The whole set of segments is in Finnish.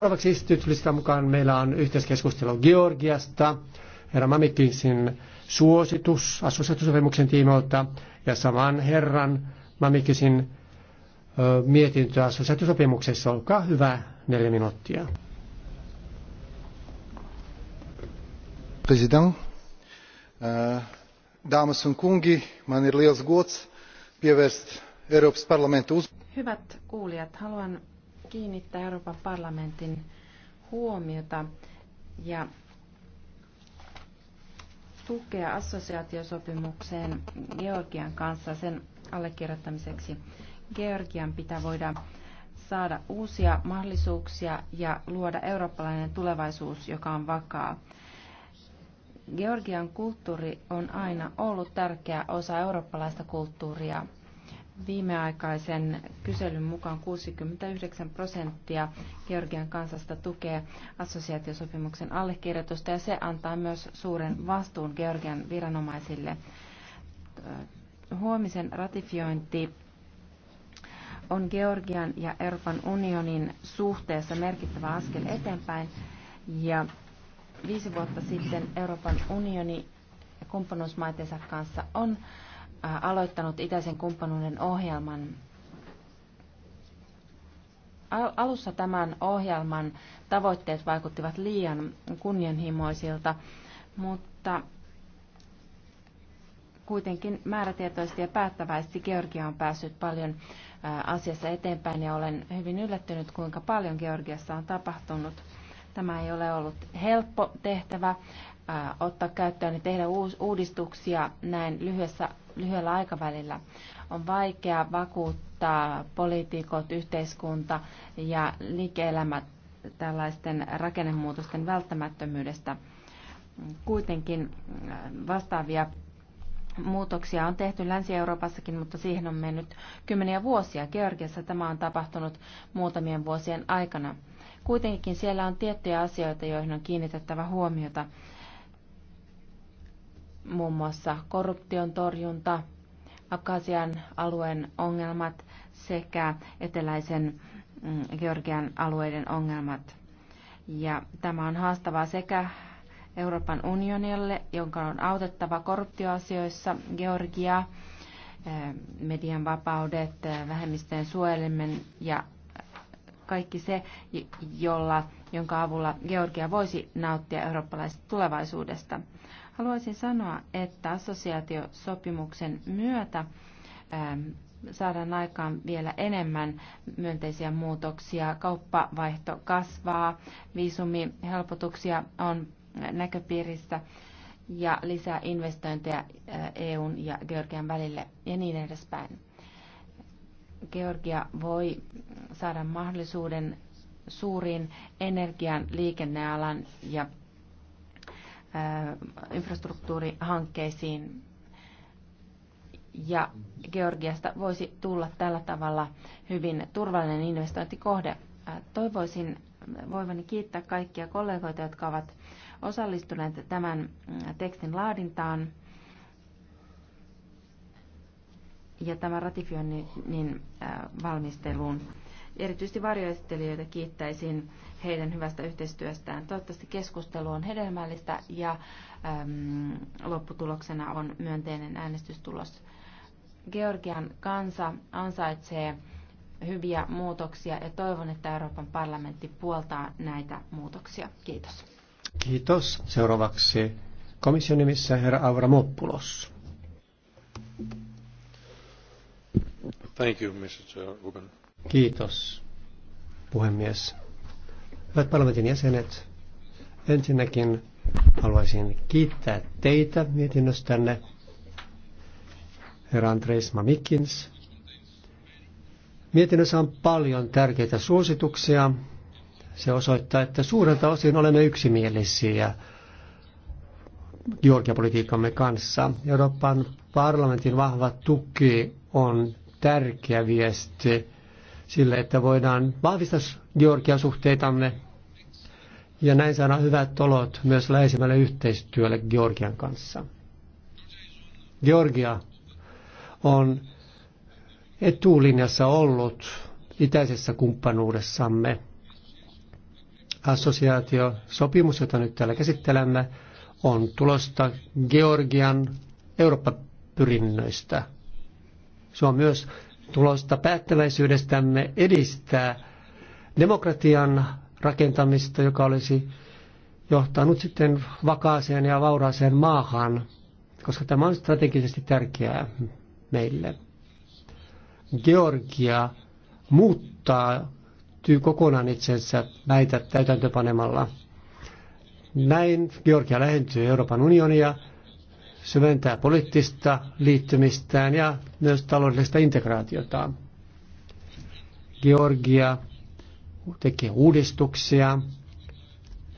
Seuraavaksi istutulista mukaan meillä on yhteiskeskustelu Georgiasta, herra Mamikinsin suositus assosiaatiosopimuksen tiimoilta ja saman herran Mamikinsin mietintö assosiaatiosopimuksessa. Olkaa hyvä, neljä minuuttia. President, damas on kungi, man ir liels gods pievērst Euroopan parlamentu Hyvät kuulijat, haluan kiinnittää Euroopan parlamentin huomiota ja tukea assosiaatiosopimukseen Georgian kanssa sen allekirjoittamiseksi. Georgian pitää voida saada uusia mahdollisuuksia ja luoda eurooppalainen tulevaisuus, joka on vakaa. Georgian kulttuuri on aina ollut tärkeä osa eurooppalaista kulttuuria. Viimeaikaisen kyselyn mukaan 69 prosenttia Georgian kansasta tukee assosiaatiosopimuksen allekirjoitusta ja se antaa myös suuren vastuun Georgian viranomaisille. Huomisen ratifiointi on Georgian ja Euroopan unionin suhteessa merkittävä askel eteenpäin ja viisi vuotta sitten Euroopan unioni kumppanuusmaitensa kanssa on Äh, aloittanut itäisen kumppanuuden ohjelman. Alussa tämän ohjelman tavoitteet vaikuttivat liian kunnianhimoisilta, mutta kuitenkin määrätietoisesti ja päättäväisesti Georgia on päässyt paljon äh, asiassa eteenpäin ja olen hyvin yllättynyt, kuinka paljon Georgiassa on tapahtunut. Tämä ei ole ollut helppo tehtävä Äh, ottaa käyttöön ja niin tehdä uudistuksia näin lyhyessä, lyhyellä aikavälillä. On vaikea vakuuttaa poliitikot, yhteiskunta ja liike-elämä tällaisten rakennemuutosten välttämättömyydestä. Kuitenkin äh, vastaavia muutoksia on tehty Länsi-Euroopassakin, mutta siihen on mennyt kymmeniä vuosia. Georgiassa tämä on tapahtunut muutamien vuosien aikana. Kuitenkin siellä on tiettyjä asioita, joihin on kiinnitettävä huomiota muun muassa korruption torjunta, Akasian alueen ongelmat sekä eteläisen mm, Georgian alueiden ongelmat. Ja tämä on haastavaa sekä Euroopan unionille, jonka on autettava korruptioasioissa Georgia, eh, median vapaudet, eh, vähemmistöjen suojeleminen ja kaikki se, jolla, jonka avulla Georgia voisi nauttia eurooppalaisesta tulevaisuudesta. Haluaisin sanoa, että assosiaatiosopimuksen myötä ähm, saadaan aikaan vielä enemmän myönteisiä muutoksia. Kauppavaihto kasvaa, viisumihelpotuksia on näköpiirissä ja lisää investointeja äh, EUn ja Georgian välille ja niin edespäin. Georgia voi saada mahdollisuuden suuriin energian, liikennealan ja infrastruktuurihankkeisiin. Ja Georgiasta voisi tulla tällä tavalla hyvin turvallinen investointikohde. Toivoisin voivani kiittää kaikkia kollegoita, jotka ovat osallistuneet tämän tekstin laadintaan. ja tämän ratifioinnin niin, valmisteluun. Erityisesti varjoesittelijöitä kiittäisin heidän hyvästä yhteistyöstään. Toivottavasti keskustelu on hedelmällistä ja äm, lopputuloksena on myönteinen äänestystulos. Georgian kansa ansaitsee hyviä muutoksia ja toivon, että Euroopan parlamentti puoltaa näitä muutoksia. Kiitos. Kiitos. Seuraavaksi komission nimissä herra Avramopoulos. Thank you, Mr. Kiitos, puhemies. Hyvät parlamentin jäsenet, ensinnäkin haluaisin kiittää teitä mietinnöstänne, herra Andres Mamikins. Mietinnössä on paljon tärkeitä suosituksia. Se osoittaa, että suurelta osin olemme yksimielisiä Georgia-politiikkamme kanssa. Euroopan parlamentin vahva tuki on tärkeä viesti sille, että voidaan vahvistaa Georgia-suhteitamme ja näin saada hyvät olot myös läheisemmälle yhteistyölle Georgian kanssa. Georgia on etulinjassa ollut itäisessä kumppanuudessamme. Assosiaatiosopimus, jota nyt täällä käsittelemme, on tulosta Georgian Eurooppa-pyrinnöistä. Se on myös tulosta päättäväisyydestämme edistää demokratian rakentamista, joka olisi johtanut sitten vakaaseen ja vauraaseen maahan, koska tämä on strategisesti tärkeää meille. Georgia muuttaa tyy kokonaan itsensä näitä täytäntöpanemalla. Näin Georgia lähentyy Euroopan unionia, syventää poliittista liittymistään ja myös taloudellista integraatiotaan. Georgia tekee uudistuksia,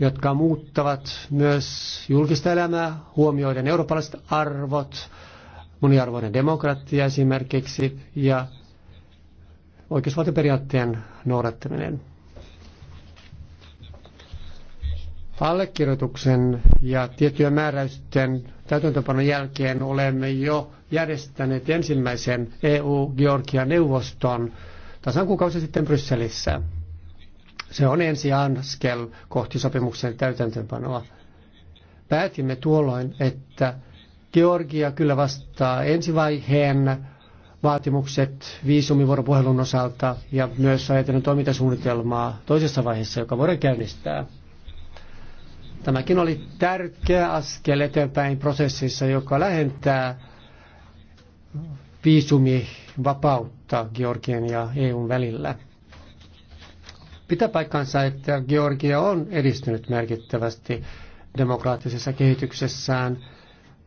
jotka muuttavat myös julkista elämää huomioiden eurooppalaiset arvot, moniarvoinen demokratia esimerkiksi ja oikeusvaltioperiaatteen noudattaminen. Allekirjoituksen ja tiettyjen määräysten täytäntöpanon jälkeen olemme jo järjestäneet ensimmäisen eu georgian neuvoston tasan kuukausi sitten Brysselissä. Se on ensi askel kohti sopimuksen täytäntöönpanoa. Päätimme tuolloin, että Georgia kyllä vastaa ensivaiheen vaatimukset viisumivuoropuhelun osalta ja myös ajatellen toimintasuunnitelmaa toisessa vaiheessa, joka voidaan käynnistää. Tämäkin oli tärkeä askel eteenpäin prosessissa, joka lähentää viisumivapautta Georgian ja EUn välillä. Pitää paikkansa, että Georgia on edistynyt merkittävästi demokraattisessa kehityksessään,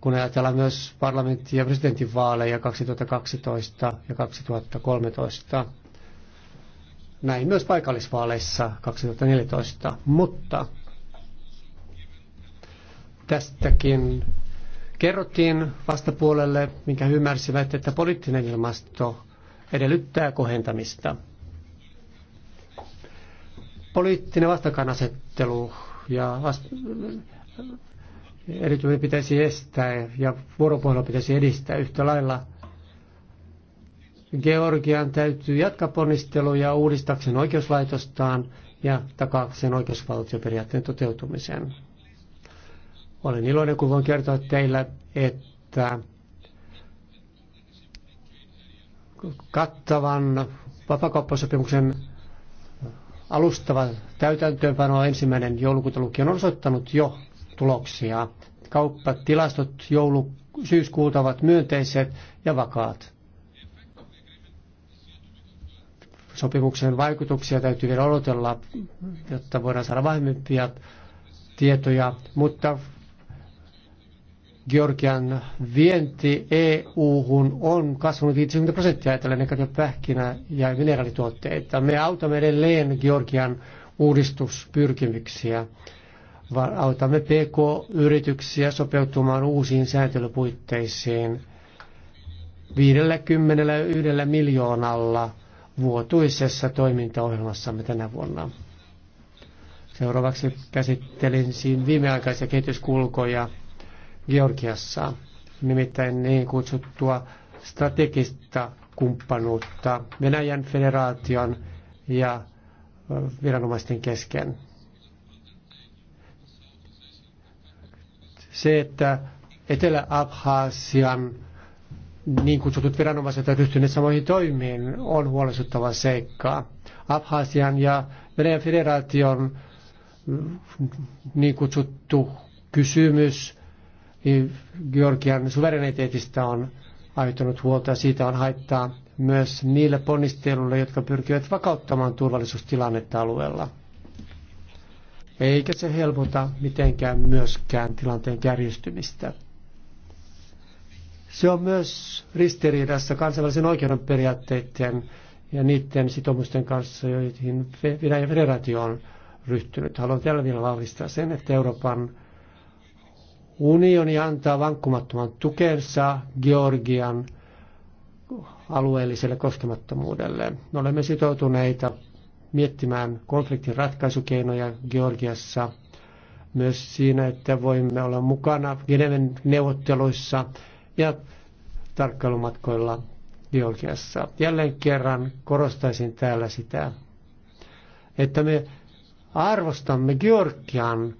kun ajatellaan myös parlamentti- ja presidentinvaaleja 2012 ja 2013. Näin myös paikallisvaaleissa 2014, mutta tästäkin kerrottiin vastapuolelle, minkä ymmärsivät, että poliittinen ilmasto edellyttää kohentamista poliittinen vastakkainasettelu ja vast- erityisesti pitäisi estää ja vuoropuhelua pitäisi edistää yhtä lailla. Georgian täytyy jatkaa ponnisteluja uudistakseen oikeuslaitostaan ja takaakseen oikeusvaltioperiaatteen toteutumisen. Olen iloinen, kun voin kertoa teillä, että kattavan vapakauppasopimuksen Alustava täytäntöönpano ensimmäinen joulukuuta lukien on osoittanut jo tuloksia. Kauppatilastot joulu syyskuuta ovat myönteiset ja vakaat. Sopimuksen vaikutuksia täytyy vielä odotella, jotta voidaan saada vahvempia tietoja, mutta Georgian vienti EU-hun on kasvanut 50 prosenttia ajatellen ne pähkinä ja mineraalituotteita. Me autamme edelleen Georgian uudistuspyrkimyksiä. Autamme PK-yrityksiä sopeutumaan uusiin sääntelypuitteisiin 51 miljoonalla vuotuisessa toimintaohjelmassamme tänä vuonna. Seuraavaksi käsittelin siinä viimeaikaisia kehityskulkoja Georgiassa, nimittäin niin kutsuttua strategista kumppanuutta Venäjän federaation ja viranomaisten kesken. Se, että Etelä-Abhaasian niin kutsutut viranomaiset ovat ryhtyneet samoihin toimiin, on huolestuttava seikka. Abhaasian ja Venäjän federaation mm, niin kutsuttu kysymys Georgian suvereniteetista on aiheuttanut huolta ja siitä on haittaa myös niille ponnisteluille, jotka pyrkivät vakauttamaan turvallisuustilannetta alueella. Eikä se helpota mitenkään myöskään tilanteen kärjistymistä. Se on myös ristiriidassa kansainvälisen oikeuden periaatteiden ja niiden sitoumusten kanssa, joihin Venäjän federaatio on ryhtynyt. Haluan tällä vielä vahvistaa sen, että Euroopan Unioni antaa vankkumattoman tukensa Georgian alueelliselle koskemattomuudelle. Me olemme sitoutuneita miettimään konfliktin ratkaisukeinoja Georgiassa, myös siinä, että voimme olla mukana Geneven neuvotteluissa ja tarkkailumatkoilla Georgiassa. Jälleen kerran korostaisin täällä sitä, että me arvostamme Georgian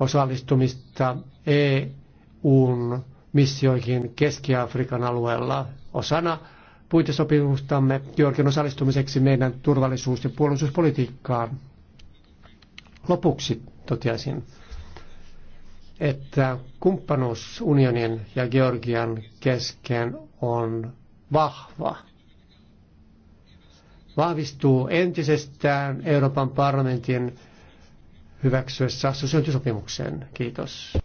osallistumista EUn missioihin Keski-Afrikan alueella osana puitesopimustamme Georgian osallistumiseksi meidän turvallisuus- ja puolustuspolitiikkaan. Lopuksi toteaisin, että kumppanuus unionin ja Georgian kesken on vahva. Vahvistuu entisestään Euroopan parlamentin hyväksyessä assosiointisopimuksen. Kiitos.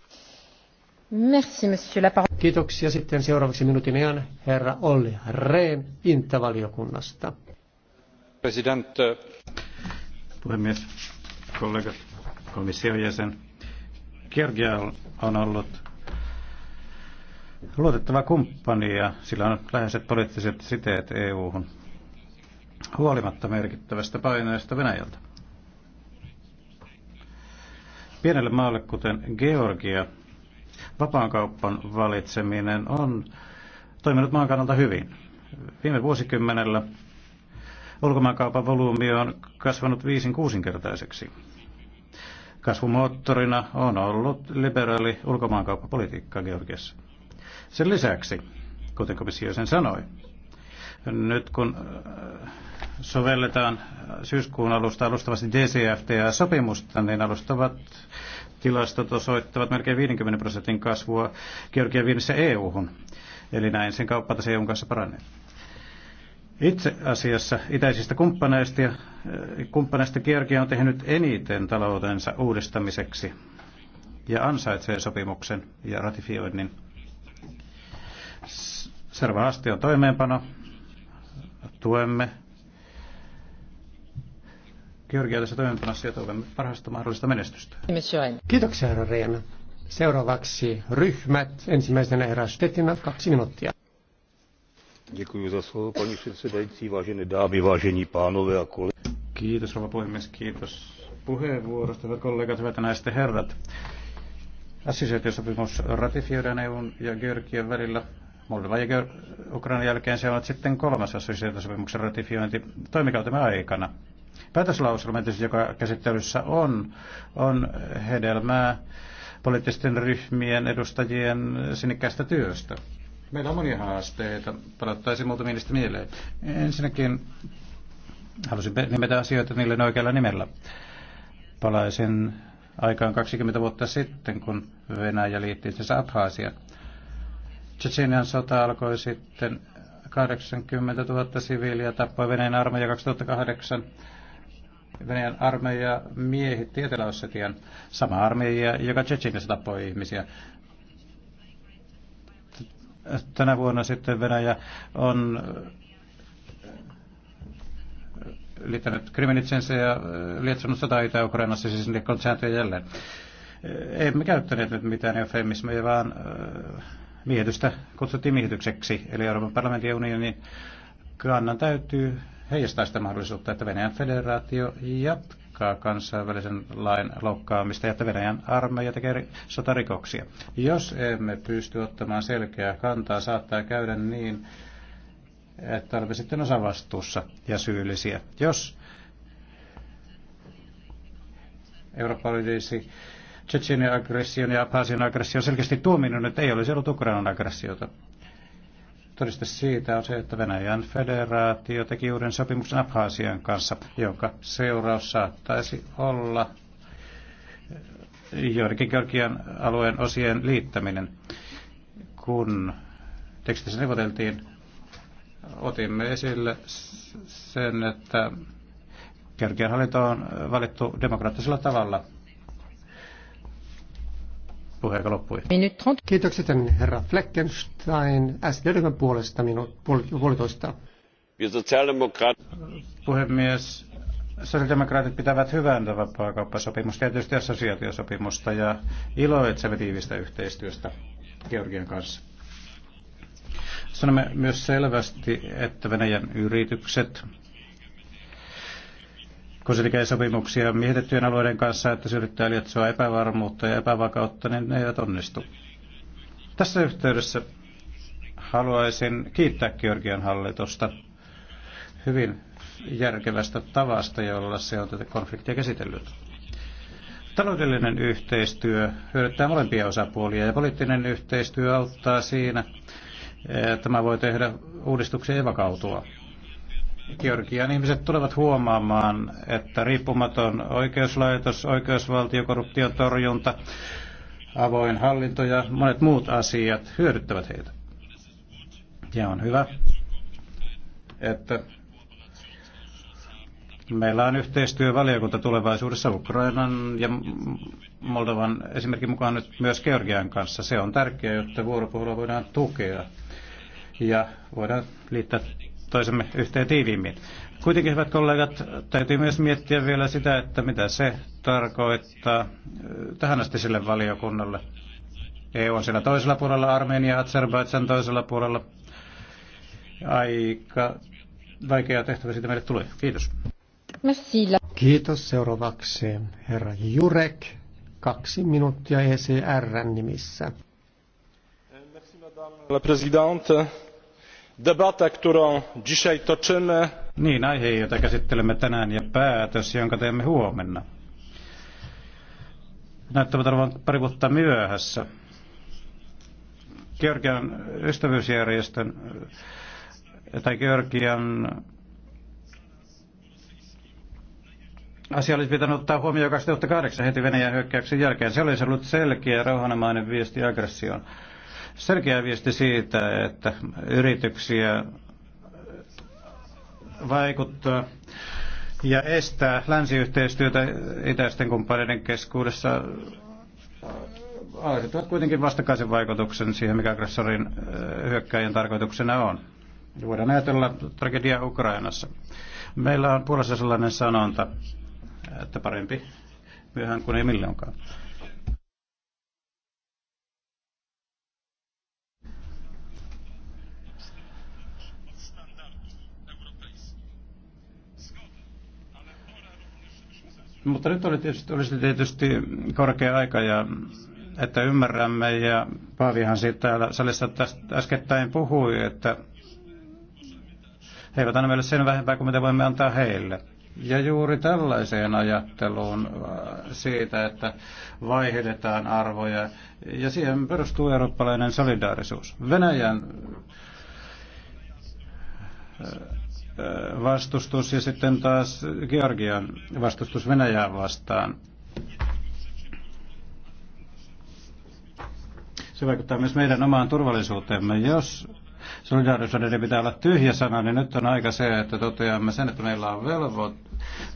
Merci, monsieur la parole. Kiitoksia sitten seuraavaksi minuutin ajan herra Olli Rehn Intavaliokunnasta. President. Äh, Puhemies, kollegat, komission jäsen. Georgia on ollut luotettava kumppani ja sillä on läheiset poliittiset siteet EU-hun huolimatta merkittävästä paineesta Venäjältä. Pienelle maalle, kuten Georgia, vapaankauppan valitseminen on toiminut maan kannalta hyvin. Viime vuosikymmenellä ulkomaankaupan volyymi on kasvanut viisin kuusinkertaiseksi. Kasvumoottorina on ollut liberaali ulkomaankauppapolitiikka Georgiassa. Sen lisäksi, kuten komissio sen sanoi, nyt kun äh, sovelletaan syyskuun alusta alustavasti DCFTA-sopimusta, niin alustavat tilastot osoittavat melkein 50 prosentin kasvua Georgian viinissä EU-hun. Eli näin sen kauppatase EUn kanssa paranee. Itse asiassa itäisistä kumppaneista, eh, kumppaneista Georgia on tehnyt eniten taloutensa uudistamiseksi ja ansaitsee sopimuksen ja ratifioinnin. Seuraava asti on toimeenpano. Tuemme Georgia tässä toimeenpanossa ja toivon parhaasta mahdollista menestystä. Kiitoksia, herra Reena. Seuraavaksi ryhmät. Ensimmäisenä herra Stettina, kaksi minuuttia. Děkuji za slovo, paní předsedající, vážené dámy, vážení pánové a kolegy. Kiitos, rouva puhemies, kiitos puheenvuorosta, hyvät kollegat, hyvät naiset ja herrat. Assosiaatiosopimus ratifioidaan EUn ja Georgian välillä Moldova ja Ukrainan jälkeen se on sitten kolmas assosiaatiosopimuksen ratifiointi toimikautemme aikana päätöslauselma, joka käsittelyssä on, on hedelmää poliittisten ryhmien edustajien sinnikkäästä työstä. Meillä on monia haasteita. Palattaisin muutamia niistä mieleen. Ensinnäkin halusin nimetä asioita niille oikealla nimellä. Palaisin aikaan 20 vuotta sitten, kun Venäjä liitti itsensä Abhaasian. Tsetsenian sota alkoi sitten 80 000 siviiliä tappoi Venäjän armeija 2008 Venäjän armeija miehitti Etelä-Ossetian. Sama armeija, joka Tsetsinissä tappoi ihmisiä. Tänä vuonna sitten Venäjä on äh, liittänyt kriminitsensä ja äh, lietsonut sota Itä-Ukrainassa, siis rikkonut sääntöjä jälleen. Äh, emme käyttäneet nyt mitään eufemismeja, vaan miehitystä kutsuttiin miehitykseksi, eli Euroopan parlamentin ja unionin kannan täytyy heijastaa sitä mahdollisuutta, että Venäjän federaatio jatkaa kansainvälisen lain loukkaamista ja että Venäjän armeija tekee sotarikoksia. Jos emme pysty ottamaan selkeää kantaa, saattaa käydä niin, että olemme sitten osavastuussa ja syyllisiä. Jos Eurooppa olisi Tsetsinin aggression ja Abhasian aggression selkeästi tuominnut, että ei olisi ollut Ukrainan aggressiota. Todiste siitä on se, että Venäjän federaatio teki uuden sopimuksen Abhaasian kanssa, jonka seuraus saattaisi olla joidenkin Georgian alueen osien liittäminen. Kun tekstissä neuvoteltiin, otimme esille sen, että Georgian hallinto on valittu demokraattisella tavalla – puheenjohtaja loppui. Kiitokset herra Fleckenstein SD-ryhmän puolesta minuut, puolitoista. Puhemies, sosiaalidemokraatit pitävät hyvän vapaakauppasopimusta, tietysti assosiaatiosopimusta ja iloitsemme tiivistä yhteistyöstä Georgian kanssa. Sanomme myös selvästi, että Venäjän yritykset kun se tekee sopimuksia miehitettyjen alueiden kanssa, että se yrittää lietsoa epävarmuutta ja epävakautta, niin ne eivät onnistu. Tässä yhteydessä haluaisin kiittää Georgian hallitusta hyvin järkevästä tavasta, jolla se on tätä konfliktia käsitellyt. Taloudellinen yhteistyö hyödyttää molempia osapuolia ja poliittinen yhteistyö auttaa siinä, että tämä voi tehdä uudistuksia ja vakautua. Georgian ihmiset tulevat huomaamaan, että riippumaton oikeuslaitos, oikeusvaltio, korruption torjunta, avoin hallinto ja monet muut asiat hyödyttävät heitä. Ja on hyvä, että meillä on yhteistyövaliokunta tulevaisuudessa Ukrainan ja Moldovan esimerkin mukaan nyt myös Georgian kanssa. Se on tärkeää, jotta vuoropuhelua voidaan tukea ja voidaan liittää toisemme yhteen tiiviimmin. Kuitenkin, hyvät kollegat, täytyy myös miettiä vielä sitä, että mitä se tarkoittaa äh, tähän asti sille valiokunnalle. EU on siellä toisella puolella, Armenia, Azerbaidsan toisella puolella. Aika vaikea tehtävä siitä meille tulee. Kiitos. Kiitos. Seuraavaksi herra Jurek, kaksi minuuttia ecr nimissä. Merci, madame la présidente debata, którą dzisiaj toczymy. Niin, aihe, jota käsittelemme tänään ja päätös, jonka teemme huomenna. Näyttävät olevan pari vuotta myöhässä. Georgian ystävyysjärjestön tai Georgian asia olisi pitänyt ottaa huomioon 2008 heti Venäjän hyökkäyksen jälkeen. Se olisi ollut selkeä rauhanomainen viesti aggressioon selkeä viesti siitä, että yrityksiä vaikuttaa ja estää länsiyhteistyötä itäisten kumppaneiden keskuudessa aiheuttavat kuitenkin vastakkaisen vaikutuksen siihen, mikä aggressorin hyökkäjän tarkoituksena on. Voidaan ajatella tragedia Ukrainassa. Meillä on puolessa sellainen sanonta, että parempi myöhään kuin ei milloinkaan. Mutta nyt oli tietysti, olisi tietysti korkea aika, ja, että ymmärrämme, ja Paavihan siitä täällä salissa tästä äskettäin puhui, että he eivät anna meille sen vähempää kuin mitä voimme antaa heille. Ja juuri tällaiseen ajatteluun äh, siitä, että vaihdetaan arvoja, ja siihen perustuu eurooppalainen solidaarisuus. Venäjän äh, vastustus ja sitten taas Georgian vastustus Venäjää vastaan. Se vaikuttaa myös meidän omaan turvallisuuteemme. Jos solidaarisuuden pitää olla tyhjä sana, niin nyt on aika se, että toteamme sen, että meillä on velvo,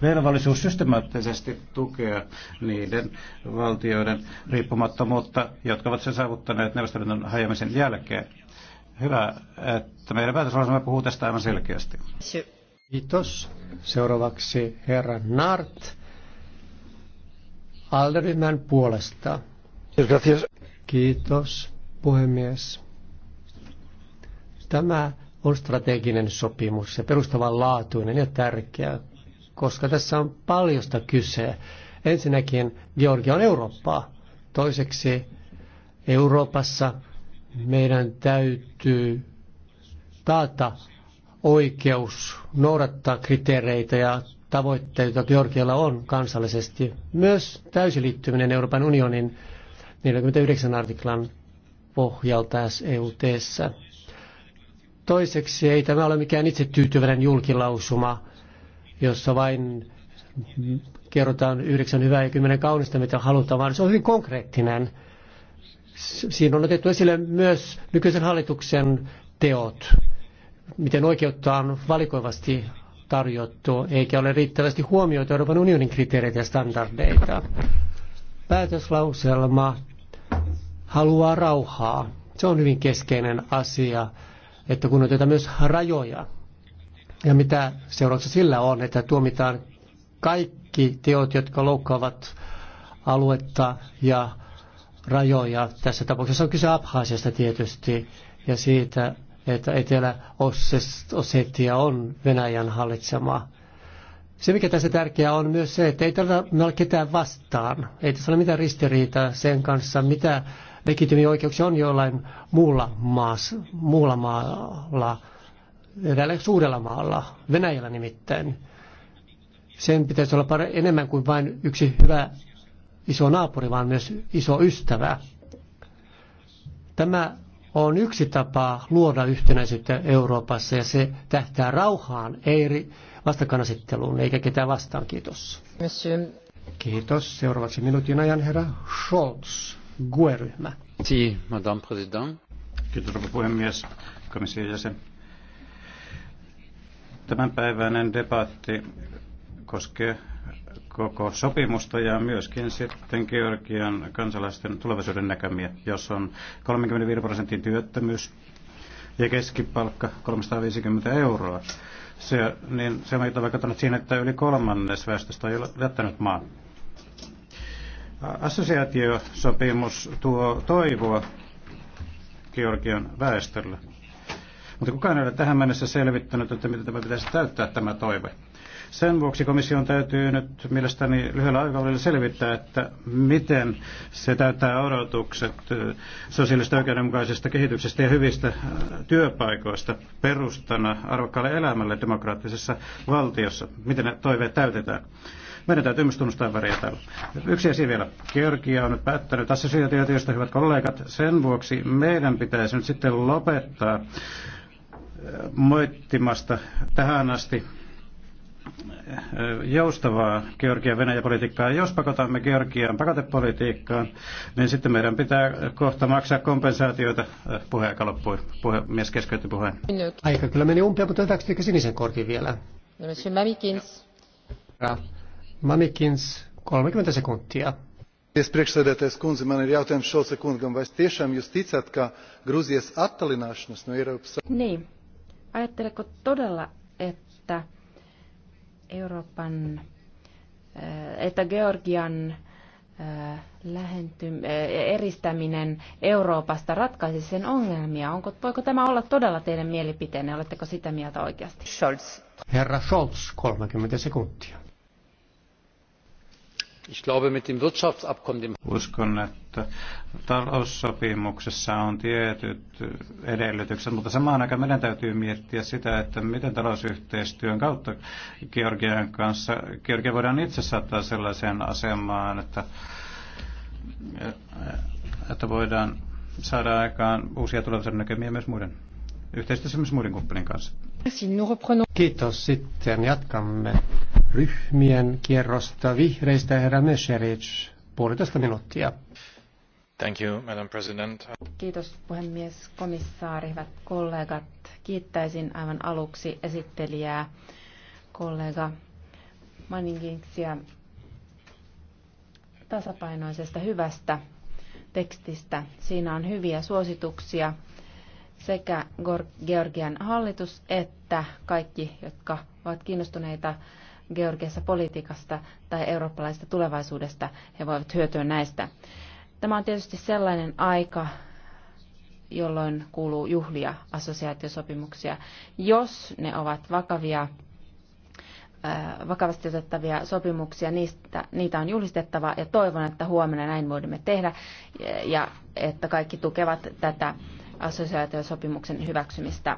velvollisuus systemaattisesti tukea niiden valtioiden riippumattomuutta, jotka ovat sen saavuttaneet neuvostoliiton hajamisen jälkeen. Hyvä, että meidän päätösvaliokunta puhuu tästä aivan selkeästi. Kiitos. Seuraavaksi herra Nart Alderyman puolesta. Kiitos. Kiitos, puhemies. Tämä on strateginen sopimus ja perustavanlaatuinen ja tärkeä, koska tässä on paljosta kyse. Ensinnäkin Georgia on Eurooppaa. Toiseksi Euroopassa meidän täytyy taata oikeus noudattaa kriteereitä ja tavoitteita, joita Georgialla on kansallisesti. Myös täysiliittyminen Euroopan unionin 49 artiklan pohjalta eut Toiseksi ei tämä ole mikään itse tyytyväinen julkilausuma, jossa vain kerrotaan yhdeksän hyvää ja kymmenen kaunista, mitä halutaan, vaan se on hyvin konkreettinen – Siinä on otettu esille myös nykyisen hallituksen teot, miten oikeutta on valikoivasti tarjottu, eikä ole riittävästi huomioitu Euroopan unionin kriteereitä ja standardeita. Päätöslauselma haluaa rauhaa. Se on hyvin keskeinen asia, että kun otetaan myös rajoja. Ja mitä seurauksena sillä on, että tuomitaan kaikki teot, jotka loukkaavat aluetta ja rajoja. Tässä tapauksessa on kyse Abhaasiasta tietysti ja siitä, että Etelä-Ossetia on Venäjän hallitsema. Se, mikä tässä tärkeää on myös se, että ei tällä ole ketään vastaan. Ei tässä ole mitään ristiriitaa sen kanssa, mitä oikeuksia on jollain muulla, maassa, muulla maalla, eräällä suurella maalla, Venäjällä nimittäin. Sen pitäisi olla enemmän kuin vain yksi hyvä iso naapuri, vaan myös iso ystävä. Tämä on yksi tapa luoda yhtenäisyyttä Euroopassa ja se tähtää rauhaan, ei vastakannasitteluun eikä ketään vastaan. Kiitos. Monsieur. Kiitos. Seuraavaksi minuutin ajan herra Scholz, GUE-ryhmä. Si, madame president. Kiitos, rouva puhemies, komission jäsen. Tämänpäiväinen debatti koskee koko sopimusta ja myöskin sitten Georgian kansalaisten tulevaisuuden näkemiä, jos on 35 prosentin työttömyys ja keskipalkka 350 euroa. Se, niin se on jotain katsonut siinä, että yli kolmannes väestöstä ei ole jättänyt maan. Assosiaatiosopimus tuo toivoa Georgian väestölle. Mutta kukaan ei ole tähän mennessä selvittänyt, että miten tämä pitäisi täyttää tämä toive. Sen vuoksi komission täytyy nyt mielestäni lyhyellä aikavälillä selvittää, että miten se täyttää odotukset sosiaalista oikeudenmukaisesta kehityksestä ja hyvistä työpaikoista perustana arvokkaalle elämälle demokraattisessa valtiossa. Miten ne toiveet täytetään? Meidän täytyy myös tunnustaa väriä täällä. Yksi asia vielä. Georgia on nyt päättänyt assosiaatiotyöstä, hyvät kollegat. Sen vuoksi meidän pitäisi nyt sitten lopettaa moittimasta tähän asti joustavaa Georgian Venäjä-politiikkaa. Jos pakotamme Georgian pakotepolitiikkaan, niin sitten meidän pitää kohta maksaa kompensaatioita. Puheaika loppui. mies keskeytti puheen. Aika kyllä meni umpia, mutta otetaanko sinisen korkin vielä? No, monsieur Mamikins. Mamikins, 30 sekuntia. Paldies, priekšsēdētājs kundze. Man ir jautājums šo vai tiešām jūs ticat, ka Grūzijas attalināšanas no Eiropas... Niin. Ajatteleko todella, että Euroopan, äh, että Georgian äh, lähenty, äh, eristäminen Euroopasta ratkaisi sen ongelmia. Onko, voiko tämä olla todella teidän mielipiteenne? Oletteko sitä mieltä oikeasti? Scholz. Herra Scholz, 30 sekuntia. Uskon, että taloussopimuksessa on tietyt edellytykset, mutta samaan aikaan meidän täytyy miettiä sitä, että miten talousyhteistyön kautta Georgian kanssa, Georgia voidaan itse saattaa sellaiseen asemaan, että, että voidaan saada aikaan uusia tulevaisuuden näkymiä myös muiden yhteistyössä myös muiden kumppanien kanssa. Kiitos. Sitten jatkamme ryhmien kierrosta vihreistä herra Mesheric, puolitoista minuuttia. Thank you, Madam President. Kiitos puhemies, komissaari, hyvät kollegat. Kiittäisin aivan aluksi esittelijää, kollega Manninginksia tasapainoisesta hyvästä tekstistä. Siinä on hyviä suosituksia sekä Georgian hallitus että kaikki, jotka ovat kiinnostuneita Georgiassa politiikasta tai eurooppalaisesta tulevaisuudesta, he voivat hyötyä näistä. Tämä on tietysti sellainen aika, jolloin kuuluu juhlia assosiaatiosopimuksia. Jos ne ovat vakavia, vakavasti otettavia sopimuksia, niistä, niitä on julistettava ja toivon, että huomenna näin voimme tehdä ja että kaikki tukevat tätä assosiaatiosopimuksen hyväksymistä.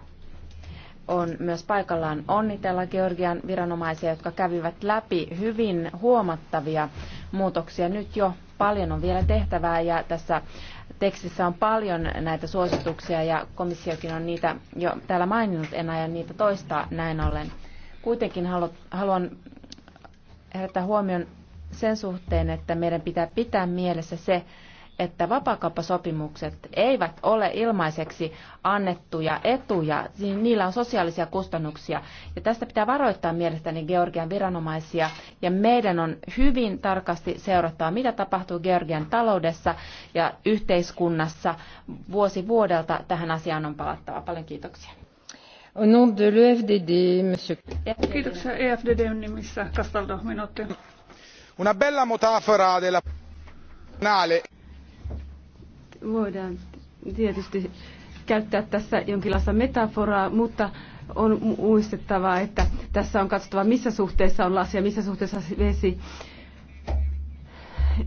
On myös paikallaan onnitella Georgian viranomaisia, jotka kävivät läpi hyvin huomattavia muutoksia. Nyt jo paljon on vielä tehtävää ja tässä tekstissä on paljon näitä suosituksia ja komissiokin on niitä jo täällä maininnut, en aja niitä toistaa näin ollen. Kuitenkin haluan herättää huomion sen suhteen, että meidän pitää pitää mielessä se, että vapakauppasopimukset eivät ole ilmaiseksi annettuja etuja, niin niillä on sosiaalisia kustannuksia. Ja tästä pitää varoittaa mielestäni Georgian viranomaisia, ja meidän on hyvin tarkasti seurattava, mitä tapahtuu Georgian taloudessa ja yhteiskunnassa vuosi vuodelta. Tähän asiaan on palattava. Paljon kiitoksia. Au nom de l'EFDD, monsieur... Kiitoksia EFDD nimissä. Castaldo, minuutti. Una bella metafora della voidaan tietysti käyttää tässä jonkinlaista metaforaa, mutta on muistettava, että tässä on katsottava, missä suhteessa on lasi ja missä suhteessa vesi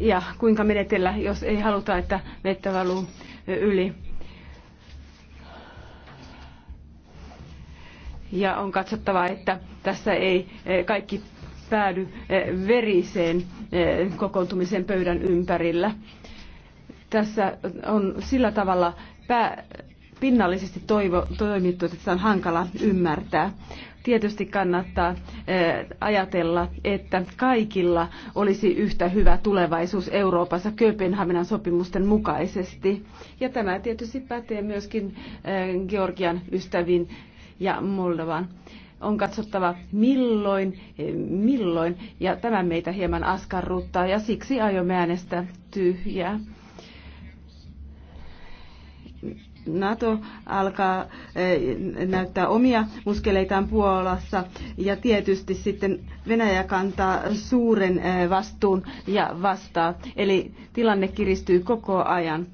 ja kuinka menetellä, jos ei haluta, että vettä valuu yli. Ja on katsottava, että tässä ei e, kaikki päädy e, veriseen e, kokoontumisen pöydän ympärillä tässä on sillä tavalla pää, pinnallisesti toivo, toimittu, että se on hankala ymmärtää. Tietysti kannattaa eh, ajatella, että kaikilla olisi yhtä hyvä tulevaisuus Euroopassa Kööpenhaminan sopimusten mukaisesti. Ja tämä tietysti pätee myöskin eh, Georgian ystäviin ja Moldovan on katsottava milloin, eh, milloin, ja tämä meitä hieman askarruttaa, ja siksi aiomme äänestää tyhjää. NATO alkaa eh, näyttää omia muskeleitaan Puolassa ja tietysti sitten Venäjä kantaa suuren eh, vastuun ja vastaa. Eli tilanne kiristyy koko ajan.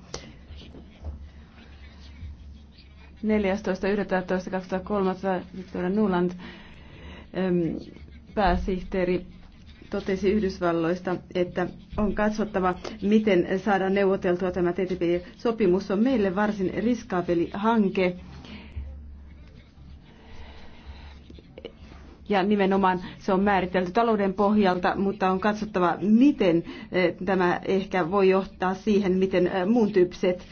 14.11.2013 Victoria Nuland pääsihteeri totesi Yhdysvalloista, että on katsottava, miten saada neuvoteltua tämä TTP-sopimus. on meille varsin riskaapeli hanke. ja nimenomaan se on määritelty talouden pohjalta, mutta on katsottava, miten eh, tämä ehkä voi johtaa siihen, miten eh, muun tyyppiset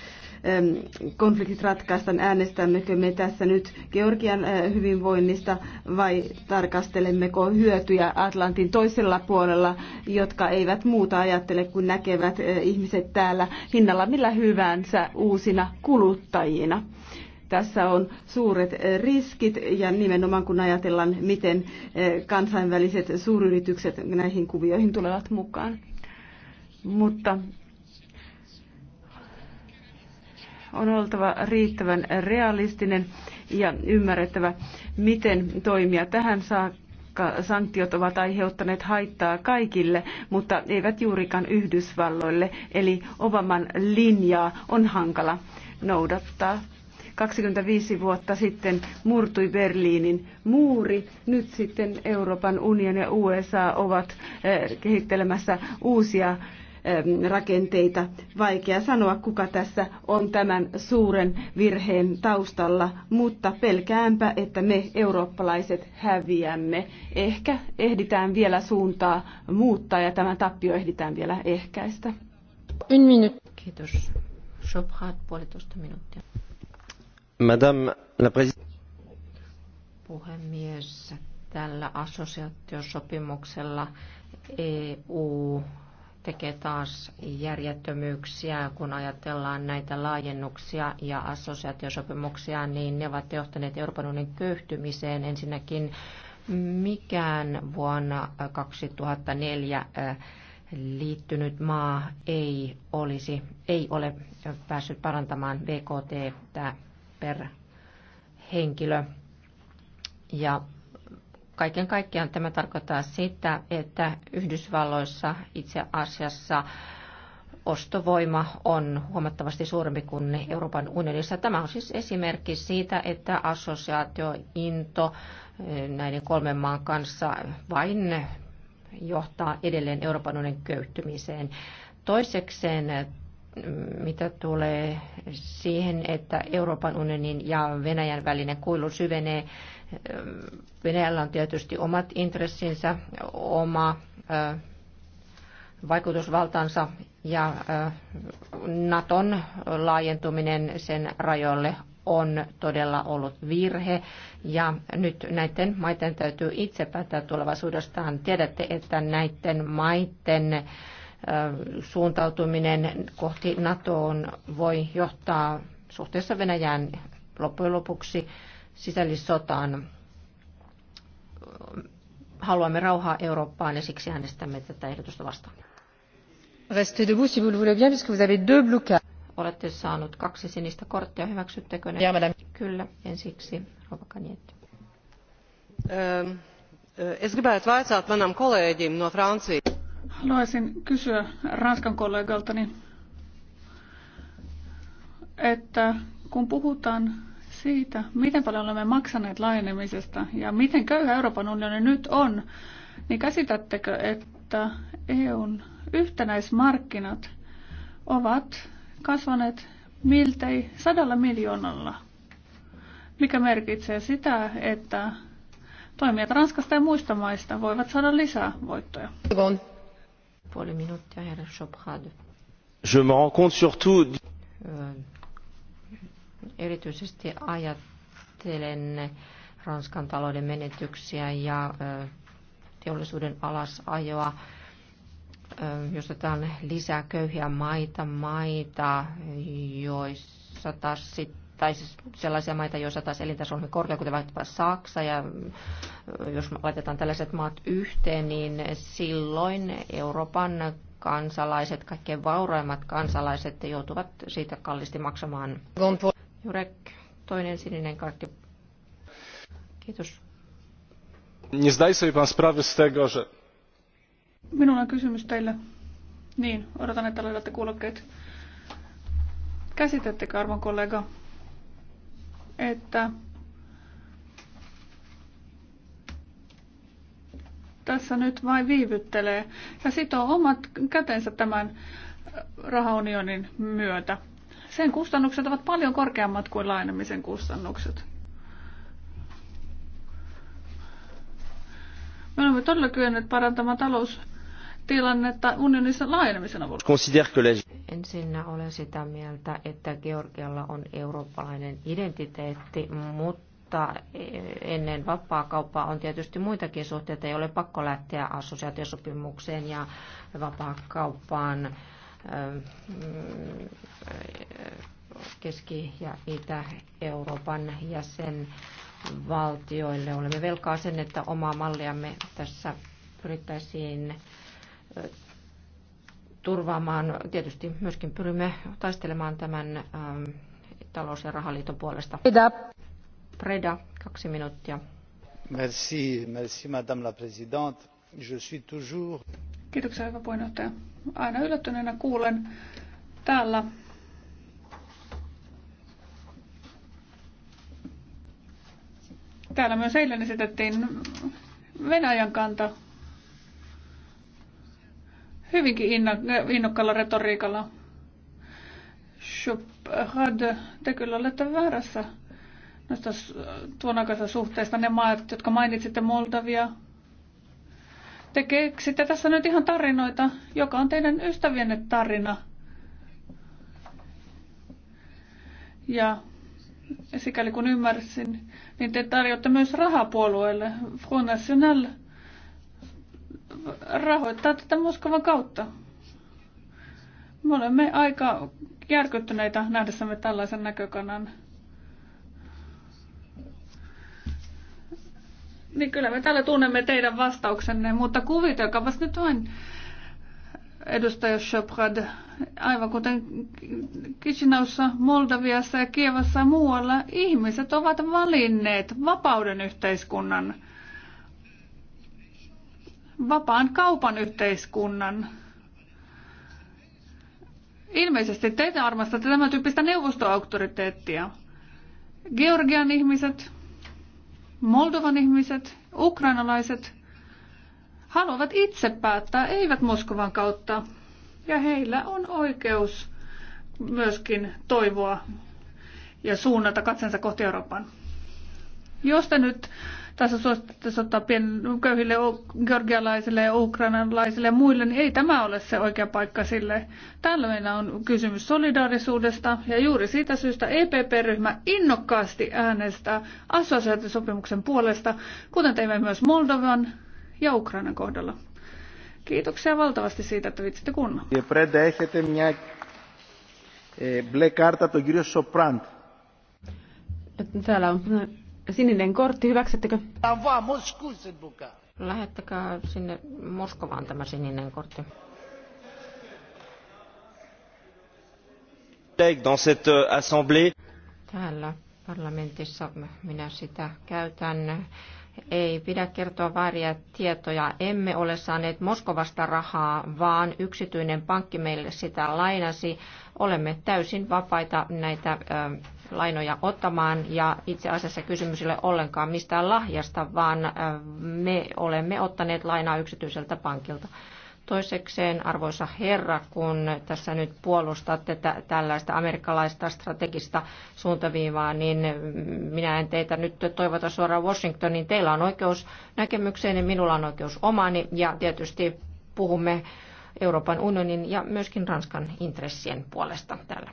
konfliktit ratkaistaan, äänestämmekö me tässä nyt Georgian eh, hyvinvoinnista vai tarkastelemmeko hyötyjä Atlantin toisella puolella, jotka eivät muuta ajattele kuin näkevät eh, ihmiset täällä hinnalla millä hyvänsä uusina kuluttajina tässä on suuret eh, riskit ja nimenomaan kun ajatellaan, miten kansainväliset suuryritykset näihin kuvioihin tulevat mukaan. Mutta on oltava riittävän realistinen ja ymmärrettävä, miten toimia tähän saakka. Sanktiot ovat aiheuttaneet haittaa kaikille, mutta eivät juurikaan Yhdysvalloille, eli Obaman linjaa on hankala noudattaa. 25 vuotta sitten murtui Berliinin muuri. Nyt sitten Euroopan unioni ja USA ovat eh, kehittelemässä uusia Ähm, rakenteita. Vaikea sanoa, kuka tässä on tämän suuren virheen taustalla, mutta pelkäänpä, että me eurooppalaiset häviämme. Ehkä ehditään vielä suuntaa muuttaa ja tämä tappio ehditään vielä ehkäistä. Kiitos. Shophat, puolitoista minuuttia. Madame la Puhemies, tällä assosiaatiosopimuksella EU tekee taas järjettömyyksiä, kun ajatellaan näitä laajennuksia ja assosiaatiosopimuksia, niin ne ovat johtaneet Euroopan unionin köyhtymiseen. Ensinnäkin mikään vuonna 2004 eh, liittynyt maa ei, olisi, ei ole päässyt parantamaan VKT per henkilö. Ja Kaiken kaikkiaan tämä tarkoittaa sitä, että Yhdysvalloissa itse asiassa ostovoima on huomattavasti suurempi kuin Euroopan unionissa. Tämä on siis esimerkki siitä, että into eh, näiden kolmen maan kanssa vain johtaa edelleen Euroopan unionin köyhtymiseen. Toisekseen mitä tulee siihen, että Euroopan unionin ja Venäjän välinen kuilu syvenee. Venäjällä on tietysti omat intressinsä, oma vaikutusvaltansa ja Naton laajentuminen sen rajoille on todella ollut virhe. Ja nyt näiden maiden täytyy itse päättää tulevaisuudestaan. Tiedätte, että näiden maiden suuntautuminen kohti NATOon voi johtaa suhteessa Venäjään loppujen lopuksi sisällissotaan. Haluamme rauhaa Eurooppaan ja siksi äänestämme tätä ehdotusta vastaan. Restez debout si vous le voulez bien, puisque vous avez deux blocages. Olette saanut kaksi sinistä korttia, hyväksyttekö ne? Ja, Kyllä, ensiksi Rova Kanietti. Ähm, äh, es gribētu vaicāt manam kolēģim no Francijas. Haluaisin kysyä Ranskan kollegaltani, että kun puhutaan siitä, miten paljon olemme maksaneet laajenemisesta ja miten köyhä Euroopan unioni nyt on, niin käsitättekö, että EUn yhtenäismarkkinat ovat kasvaneet miltei sadalla miljoonalla, mikä merkitsee sitä, että toimijat Ranskasta ja muista maista voivat saada lisää voittoja pour Puoli minuuttia, herra Shobhad. Je me rends compte surtout... Euh, erityisesti ajattelen Ranskan talouden menetyksiä ja teollisuuden alasajoa jos otetaan lisää köyhiä maita, maita, joissa taas sitten tai siis sellaisia maita, joissa taas elintaso on hyvin korkea, kuten vaikkapa Saksa, ja jos laitetaan tällaiset maat yhteen, niin silloin Euroopan kansalaiset, kaikkein vauraimmat kansalaiset joutuvat siitä kallisti maksamaan. Jurek, toinen sininen kaikki. Kiitos. Nie zdaj sobie pan sprawy z tego, że... Minulla on kysymys teille. Niin, odotan, että löydätte kuulokkeet. Käsitettekö, arvon kollega, että tässä nyt vain viivyttelee ja sitoo omat kätensä tämän rahaunionin myötä. Sen kustannukset ovat paljon korkeammat kuin lainamisen kustannukset. Me olemme todella kyenneet parantamaan talous- tilannetta unionissa laajenemisen avulla? Ensinnä olen sitä mieltä, että Georgialla on eurooppalainen identiteetti, mutta eh, ennen ennen kauppaa on tietysti muitakin suhteita, ei ole pakko lähteä assosiaatiosopimukseen ja vapaakauppaan eh, Keski- ja Itä-Euroopan jäsenvaltioille. Olemme velkaa sen, että omaa malliamme tässä pyrittäisiin turvaamaan. Tietysti myöskin pyrimme taistelemaan tämän ähm, talous- ja rahaliiton puolesta. Preda. Preda, kaksi minuuttia. Merci, merci madame la présidente. Je suis toujours... Kiitoksia, hyvä puheenjohtaja. Aina yllättyneenä kuulen täällä Täällä myös eilen esitettiin Venäjän kanta hyvinkin innokkaalla retoriikalla. Schubhad, te kyllä olette väärässä noista tuon aikaisista suhteista. Ne maat, jotka mainitsitte, Moldavia, te keksitte tässä nyt ihan tarinoita, joka on teidän ystävienne tarina. Ja sikäli kun ymmärsin, niin te tarjotte myös rahapuolueelle, Front National – rahoittaa tätä Moskovan kautta. Me olemme aika järkyttyneitä nähdessämme tällaisen näkökannan. Niin kyllä me täällä tunnemme teidän vastauksenne, mutta kuvitelkaa nyt vain edustaja Shoprad, aivan kuten Kisinaussa, Moldaviassa ja Kievassa ja muualla, ihmiset ovat valinneet vapauden yhteiskunnan – vapaan kaupan yhteiskunnan. Ilmeisesti te armastatte tämän tyyppistä neuvostoauktoriteettia. Georgian ihmiset, Moldovan ihmiset, ukrainalaiset haluavat itse päättää, eivät Moskovan kautta. Ja heillä on oikeus myöskin toivoa ja suunnata katsensa kohti Euroopan. Jos te nyt tässä suositteessa ottaa pien, köyhille georgialaisille ja ukrainalaisille ja muille, niin ei tämä ole se oikea paikka sille. Täällä meillä on kysymys solidaarisuudesta ja juuri siitä syystä EPP-ryhmä innokkaasti äänestää assosiaatiosopimuksen puolesta, kuten teimme myös Moldovan ja Ukrainan kohdalla. Kiitoksia valtavasti siitä, että viitsitte kuunnella. Black Arta, Täällä on Sininen kortti, hyväksyttekö? Lähettäkää sinne Moskovaan tämä sininen kortti. Euh, Täällä parlamentissa minä sitä käytän. Ei pidä kertoa vääriä tietoja. Emme ole saaneet Moskovasta rahaa, vaan yksityinen pankki meille sitä lainasi. Olemme täysin vapaita näitä ö, lainoja ottamaan ja itse asiassa kysymys ei ole ollenkaan mistään lahjasta, vaan äh, me olemme ottaneet lainaa yksityiseltä pankilta. Toisekseen, arvoisa herra, kun tässä nyt puolustatte t- tällaista amerikkalaista strategista suuntaviivaa, niin minä en teitä nyt toivota suoraan Washingtoniin. Teillä on oikeus näkemykseen ja minulla on oikeus omani ja tietysti puhumme Euroopan unionin ja myöskin Ranskan intressien puolesta täällä.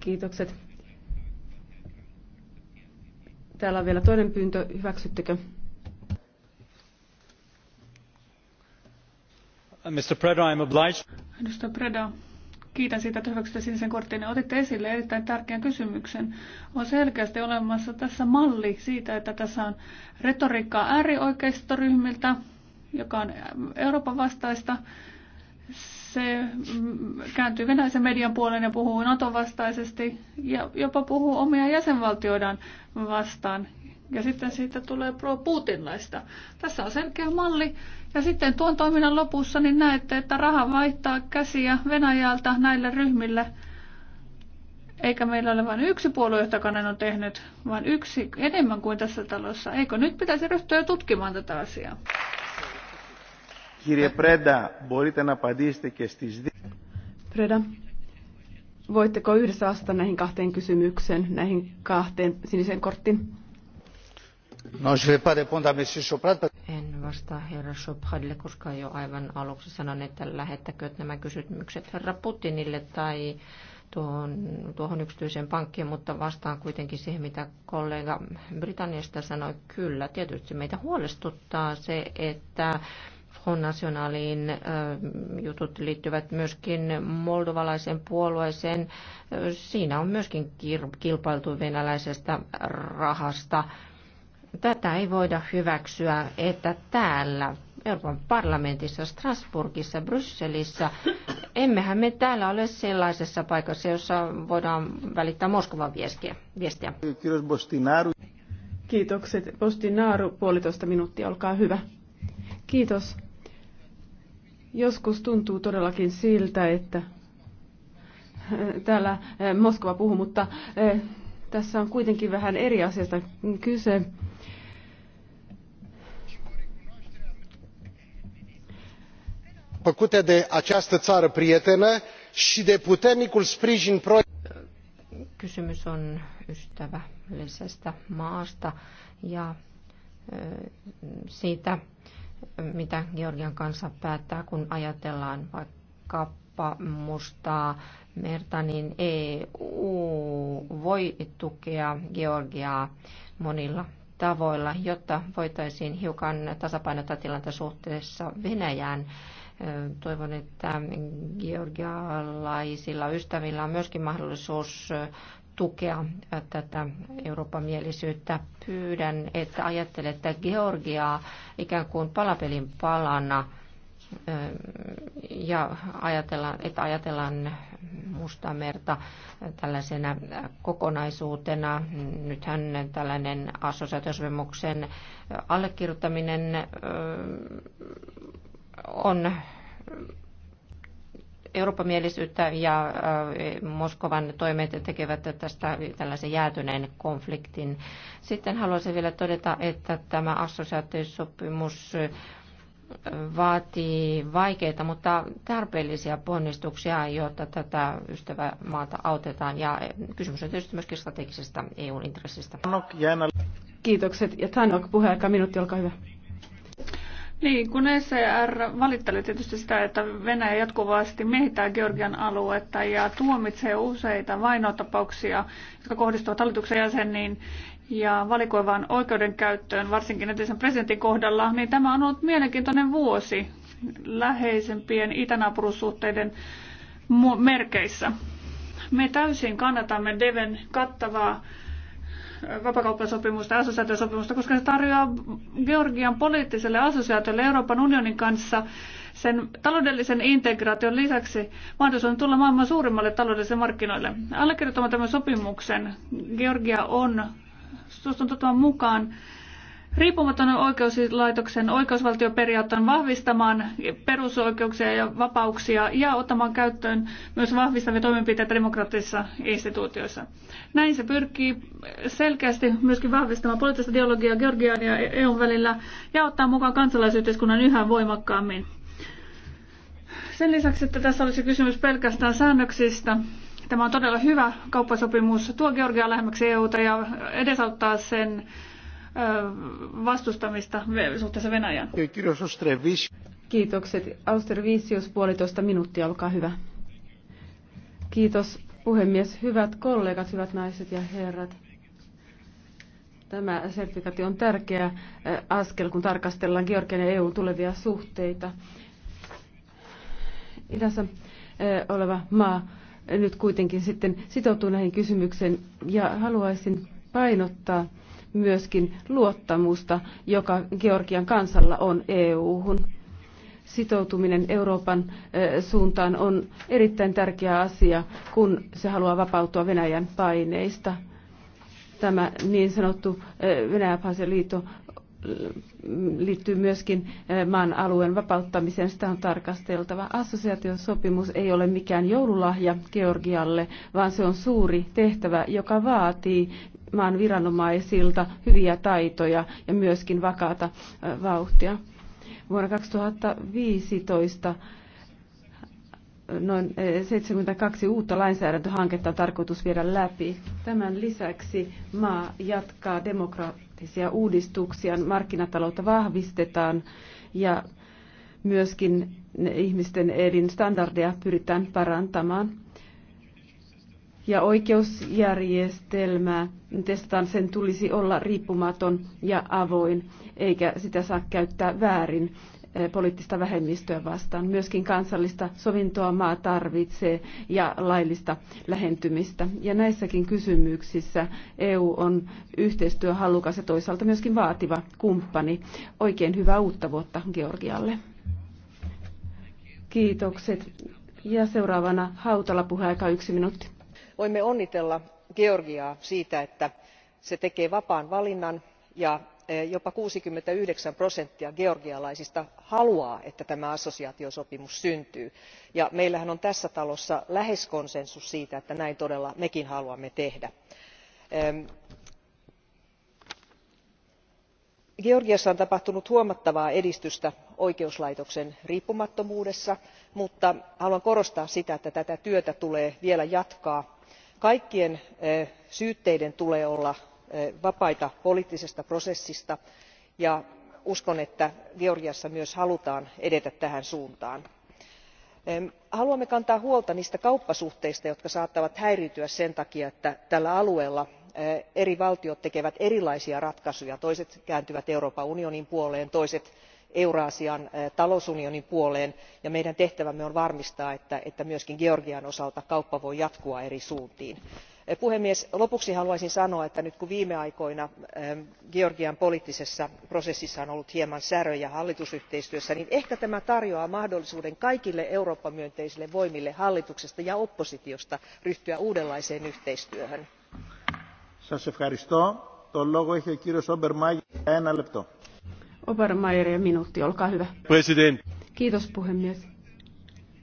Kiitokset. Täällä on vielä toinen pyyntö. Hyväksyttekö? Uh, Mr. Preda, I'm obliged. Edustaja Preda, kiitän siitä, että hyväksytte sinisen kortin. Otitte esille erittäin tärkeän kysymyksen. On selkeästi olemassa tässä malli siitä, että tässä on retoriikkaa äärioikeistoryhmiltä, joka on Euroopan vastaista, se mm, kääntyy venäläisen median puoleen ja puhuu NATO-vastaisesti ja jopa puhuu omia jäsenvaltioidaan vastaan. Ja sitten siitä tulee pro-putinlaista. Tässä on selkeä malli. Ja sitten tuon toiminnan lopussa niin näette, että raha vaihtaa käsiä Venäjältä näille ryhmille. Eikä meillä ole vain yksi puolue, jota näin on tehnyt, vaan yksi enemmän kuin tässä talossa. Eikö nyt pitäisi ryhtyä tutkimaan tätä asiaa? Kirje Preda, μπορείτε να απαντήσετε και στις δύο. voitteko yhdessä vastata näihin kahteen kysymykseen, näihin kahteen sinisen korttiin? No, je vais pas répondre à monsieur En vastaa herra Chopratille, koska jo aivan aluksi sanon, että lähettäkö nämä kysymykset herra Putinille tai tuohon, tuohon yksityiseen pankkiin, mutta vastaan kuitenkin siihen, mitä kollega Britanniasta sanoi. Kyllä, tietysti meitä huolestuttaa se, että Front Nationaliin. Jutut liittyvät myöskin moldovalaisen puolueeseen. Siinä on myöskin kilpailtu venäläisestä rahasta. Tätä ei voida hyväksyä, että täällä Euroopan parlamentissa, Strasburgissa, Brysselissä. Emmehän me täällä ole sellaisessa paikassa, jossa voidaan välittää Moskovan viestiä. viestiä. Kiitos Bostinaaru. Kiitokset. Postinaaru, puolitoista minuuttia, olkaa hyvä. Kiitos Joskus tuntuu todellakin siltä, että eh, täällä eh, Moskova puhuu, mutta eh, tässä on kuitenkin vähän eri asiasta kyse. făcute de această țară prietenă și de puternicul sprijin Kysymys on ystävällisestä maasta ja siitä mitä Georgian kanssa päättää, kun ajatellaan vaikka mustaa merta, niin EU voi tukea Georgiaa monilla tavoilla, jotta voitaisiin hiukan tasapainottaa tilanta suhteessa Venäjään. Toivon, että georgialaisilla ystävillä on myöskin mahdollisuus tukea tätä Euroopan-mielisyyttä. Pyydän, että ajattelette Georgiaa ikään kuin palapelin palana ja ajatellaan, että ajatellaan merta tällaisena kokonaisuutena. Nythän tällainen assosiaatiosopimuksen allekirjoittaminen on eurooppamielisyyttä ja äh, Moskovan toimet tekevät tästä tällaisen jäätyneen konfliktin. Sitten haluaisin vielä todeta, että tämä assosiaatiosopimus äh, vaatii vaikeita, mutta tarpeellisia ponnistuksia, jotta tätä ystävämaata autetaan. Ja äh, kysymys on tietysti myöskin strategisesta EU-intressistä. Kiitokset. Ja Tanok, puheaika minuutti, olkaa hyvä. Niin, kun ECR valitteli tietysti sitä, että Venäjä jatkuvasti miehittää Georgian aluetta ja tuomitsee useita vainotapauksia, jotka kohdistuvat hallituksen jäseniin niin, ja valikoivaan oikeudenkäyttöön, varsinkin entisen presidentin kohdalla, niin tämä on ollut mielenkiintoinen vuosi läheisempien itänaapuruussuhteiden merkeissä. Me täysin kannatamme Deven kattavaa vapakauppasopimusta ja assosiaatiosopimusta, koska se tarjoaa Georgian poliittiselle assosiaatiolle Euroopan unionin kanssa sen taloudellisen integraation lisäksi mahdollisuuden tulla maailman suurimmalle taloudelliselle markkinoille. Allekirjoittamaan tämän sopimuksen Georgia on suostunut mukaan riippumaton oikeuslaitoksen oikeusvaltioperiaatteen vahvistamaan perusoikeuksia ja vapauksia ja ottamaan käyttöön myös vahvistavia toimenpiteitä demokraattisissa instituutioissa. Näin se pyrkii selkeästi myöskin vahvistamaan poliittista dialogia Georgian ja EUn välillä ja ottaa mukaan kansalaisyhteiskunnan yhä voimakkaammin. Sen lisäksi, että tässä olisi kysymys pelkästään säännöksistä, Tämä on todella hyvä kauppasopimus, tuo Georgiaa lähemmäksi EUta ja edesauttaa sen vastustamista suhteessa Venäjään. Kiitokset. Austervisius, puolitoista minuuttia, olkaa hyvä. Kiitos puhemies. Hyvät kollegat, hyvät naiset ja herrat. Tämä sertifikaatti on tärkeä askel, kun tarkastellaan Georgian ja EUn tulevia suhteita. Idässä oleva maa nyt kuitenkin sitten sitoutuu näihin kysymyksiin ja haluaisin painottaa myöskin luottamusta, joka Georgian kansalla on EU-hun. Sitoutuminen Euroopan suuntaan on erittäin tärkeä asia, kun se haluaa vapautua Venäjän paineista. Tämä niin sanottu Venäjä-Pasiliitto liittyy myöskin maan alueen vapauttamiseen, sitä on tarkasteltava. Assosiaatiosopimus ei ole mikään joululahja Georgialle, vaan se on suuri tehtävä, joka vaatii maan viranomaisilta hyviä taitoja ja myöskin vakaata vauhtia. Vuonna 2015 noin 72 uutta lainsäädäntöhanketta on tarkoitus viedä läpi. Tämän lisäksi maa jatkaa demokraattisia uudistuksia, markkinataloutta vahvistetaan ja myöskin ihmisten elinstandardeja pyritään parantamaan ja oikeusjärjestelmää testataan, sen tulisi olla riippumaton ja avoin, eikä sitä saa käyttää väärin eh, poliittista vähemmistöä vastaan. Myöskin kansallista sovintoa maa tarvitsee ja laillista lähentymistä. Ja näissäkin kysymyksissä EU on yhteistyöhalukas ja toisaalta myöskin vaativa kumppani. Oikein hyvää uutta vuotta Georgialle. Kiitokset. Ja seuraavana Hautala puheaika yksi minuutti voimme onnitella georgiaa siitä että se tekee vapaan valinnan ja e, jopa kuusikymmentäyhdeksän prosenttia georgialaisista haluaa että tämä assosiaatiosopimus syntyy ja meillähän on tässä talossa lähes konsensus siitä että näin todella mekin haluamme tehdä. E, georgiassa on tapahtunut huomattavaa edistystä oikeuslaitoksen riippumattomuudessa mutta haluan korostaa sitä että tätä työtä tulee vielä jatkaa kaikkien eh, syytteiden tulee olla eh, vapaita poliittisesta prosessista ja uskon että georgiassa myös halutaan edetä tähän suuntaan. haluamme kantaa huolta niistä kauppasuhteista jotka saattavat häiriintyä sen takia että tällä alueella eh, eri valtiot tekevät erilaisia ratkaisuja toiset kääntyvät euroopan unionin puoleen toiset euraasian talousunionin puoleen ja meidän tehtävämme on varmistaa että myös georgian osalta kauppa voi jatkua eri suuntiin. lopuksi haluaisin sanoa että nyt kun viime aikoina georgian poliittisessa prosessissa on ollut hieman säröjä hallitusyhteistyössä niin ehkä tämä tarjoaa mahdollisuuden kaikille eurooppa myönteisille voimille hallituksesta ja oppositiosta ryhtyä uudenlaiseen yhteistyöhön. Obermeier ja minuutti, olkaa hyvä. President. Kiitos puhemies.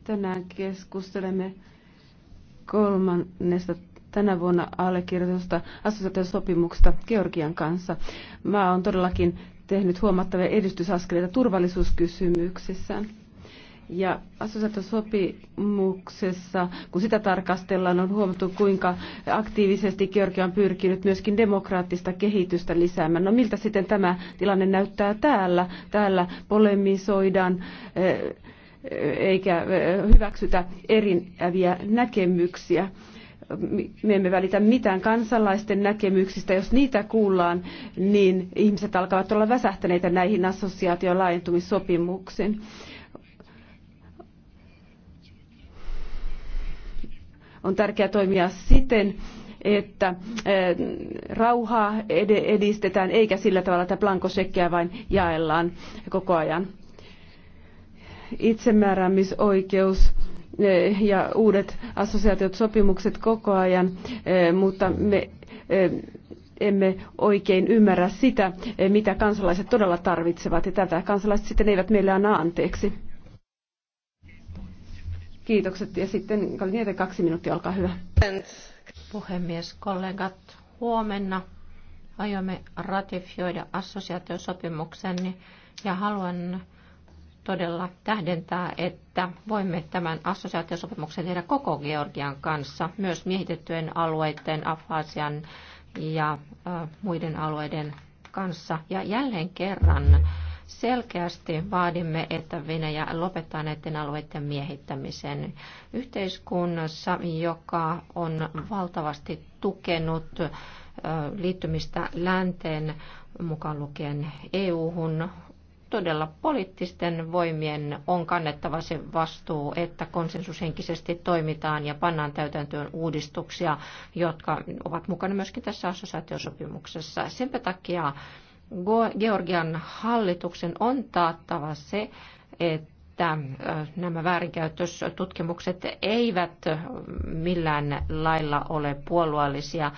Tänään keskustelemme kolmannesta tänä vuonna allekirjoitusta assosiaatiosopimuksesta Georgian kanssa. Mä on todellakin tehnyt huomattavia edistysaskeleita turvallisuuskysymyksissä. Ja assosiaatiosopimuksessa, kun sitä tarkastellaan, on huomattu, kuinka aktiivisesti Georgia on pyrkinyt myöskin demokraattista kehitystä lisäämään. No miltä sitten tämä tilanne näyttää täällä? Täällä polemisoidaan eh, eikä eh, hyväksytä eriäviä näkemyksiä me emme välitä mitään kansalaisten näkemyksistä. Jos niitä kuullaan, niin ihmiset alkavat olla väsähtäneitä näihin ja laajentumissopimuksiin. On tärkeää toimia siten, että eh, rauhaa edistetään eikä sillä tavalla, että blankosekkiä vain jaellaan koko ajan. Itsemääräämisoikeus eh, ja uudet assosiaatiot sopimukset koko ajan, eh, mutta me emme oikein ymmärrä sitä, mitä kansalaiset todella tarvitsevat, ja tätä kansalaiset sitten eivät meille anna anteeksi. Kiitokset. Ja sitten Kaliniete, kaksi minuuttia, olkaa hyvä. Puhemies, kollegat, huomenna aiomme ratifioida assosiaatiosopimuksen ja haluan todella tähdentää, että voimme tämän assosiaatiosopimuksen tehdä koko Georgian kanssa, myös miehitettyjen alueiden, Afasian ja muiden alueiden kanssa. Ja jälleen kerran Selkeästi vaadimme, että Venäjä lopettaa näiden alueiden miehittämisen yhteiskunnassa, joka on valtavasti tukenut liittymistä länteen mukaan lukien EU-hun todella poliittisten voimien on kannettava se vastuu, että konsensushenkisesti toimitaan ja pannaan täytäntöön uudistuksia, jotka ovat mukana myöskin tässä assosiaatiosopimuksessa. Senpä takia Georgian hallituksen on taattava se, että nämä väärinkäytöstutkimukset eivät millään lailla ole puolueellisia.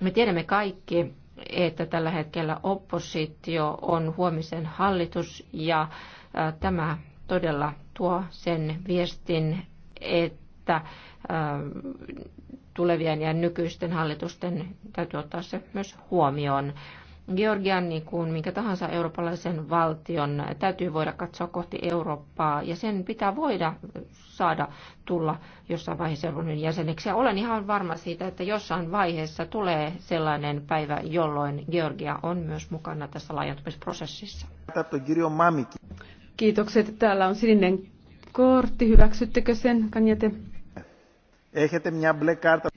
Me tiedämme kaikki, että tällä hetkellä oppositio on huomisen hallitus ja tämä todella tuo sen viestin, että tulevien ja nykyisten hallitusten täytyy ottaa se myös huomioon. Georgian, niin kuin minkä tahansa eurooppalaisen valtion, täytyy voida katsoa kohti Eurooppaa ja sen pitää voida saada tulla jossain vaiheessa Euroopan jäseneksi. Ja olen ihan varma siitä, että jossain vaiheessa tulee sellainen päivä, jolloin Georgia on myös mukana tässä laajentumisprosessissa. Kiitokset. Täällä on sininen kortti. Hyväksyttekö sen, Kanjete? Έχετε μια μπλε κάρτα.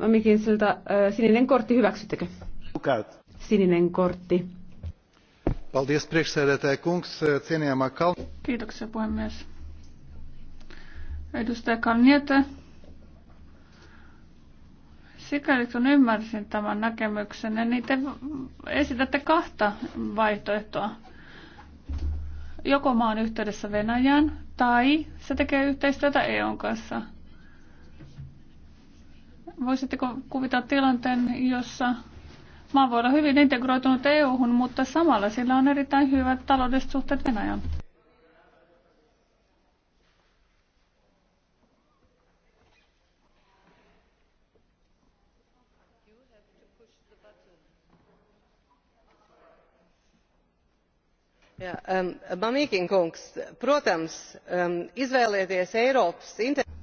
Mamikins siltä sininen kortti, hyväksyttekö? Sininen kortti. Paldies priekšsēdētāja kungs, cienījamā Kalniete. Kiitoksia puhemies. Edustaja Kalniete. Sikäli kun ymmärsin tämän näkemyksen, niin te esitätte kahta vaihtoehtoa. Joko maan yhteydessä Venäjään tai se tekee yhteistyötä EUn kanssa. Voisitteko kuvitella tilanteen, jossa Maa voi olla hyvin integroitunut EU-hun, mutta samalla sillä on erittäin hyvät taloudelliset suhteet Venäjään. Ähm, protams ähm, izvēlēties Eiropas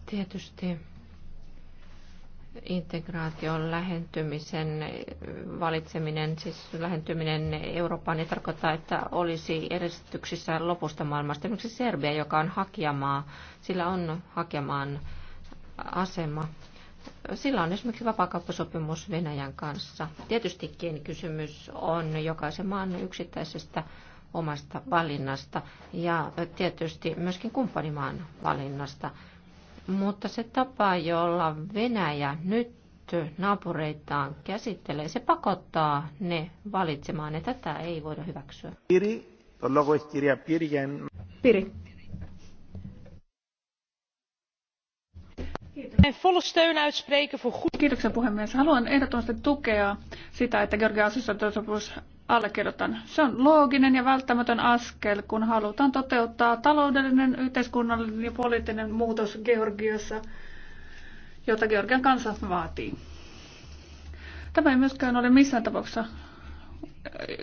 Tietysti integraation lähentymisen valitseminen, siis lähentyminen Eurooppaan, niin tarkoittaa, että olisi edistyksissä lopusta maailmasta. Esimerkiksi Serbia, joka on hakijamaa, sillä on hakemaan asema. Sillä on esimerkiksi vapaakauppasopimus Venäjän kanssa. Tietystikin kysymys on jokaisen maan yksittäisestä omasta valinnasta ja tietysti myöskin kumppanimaan valinnasta. Mutta se tapa, jolla Venäjä nyt naapureitaan käsittelee, se pakottaa ne valitsemaan, että tätä ei voida hyväksyä. Piri, Piri. en volle Kiitoksia puhemies. Haluan ehdottomasti tukea sitä, että Georgian assosiaatiosopimus allekirjoitan. Se on looginen ja välttämätön askel, kun halutaan toteuttaa taloudellinen, yhteiskunnallinen ja poliittinen muutos Georgiassa, jota Georgian kansa vaatii. Tämä ei myöskään ole missään tapauksessa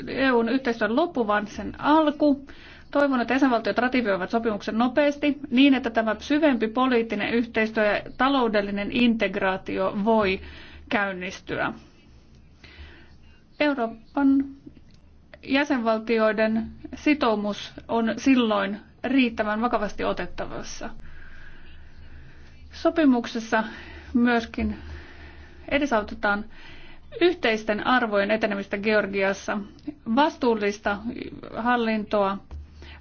EUn yhteistyön loppu, vaan sen alku. Toivon, että jäsenvaltiot ratifioivat sopimuksen nopeasti niin, että tämä syvempi poliittinen yhteistyö ja taloudellinen integraatio voi käynnistyä. Euroopan jäsenvaltioiden sitoumus on silloin riittävän vakavasti otettavassa. Sopimuksessa myöskin edesautetaan yhteisten arvojen etenemistä Georgiassa, vastuullista hallintoa,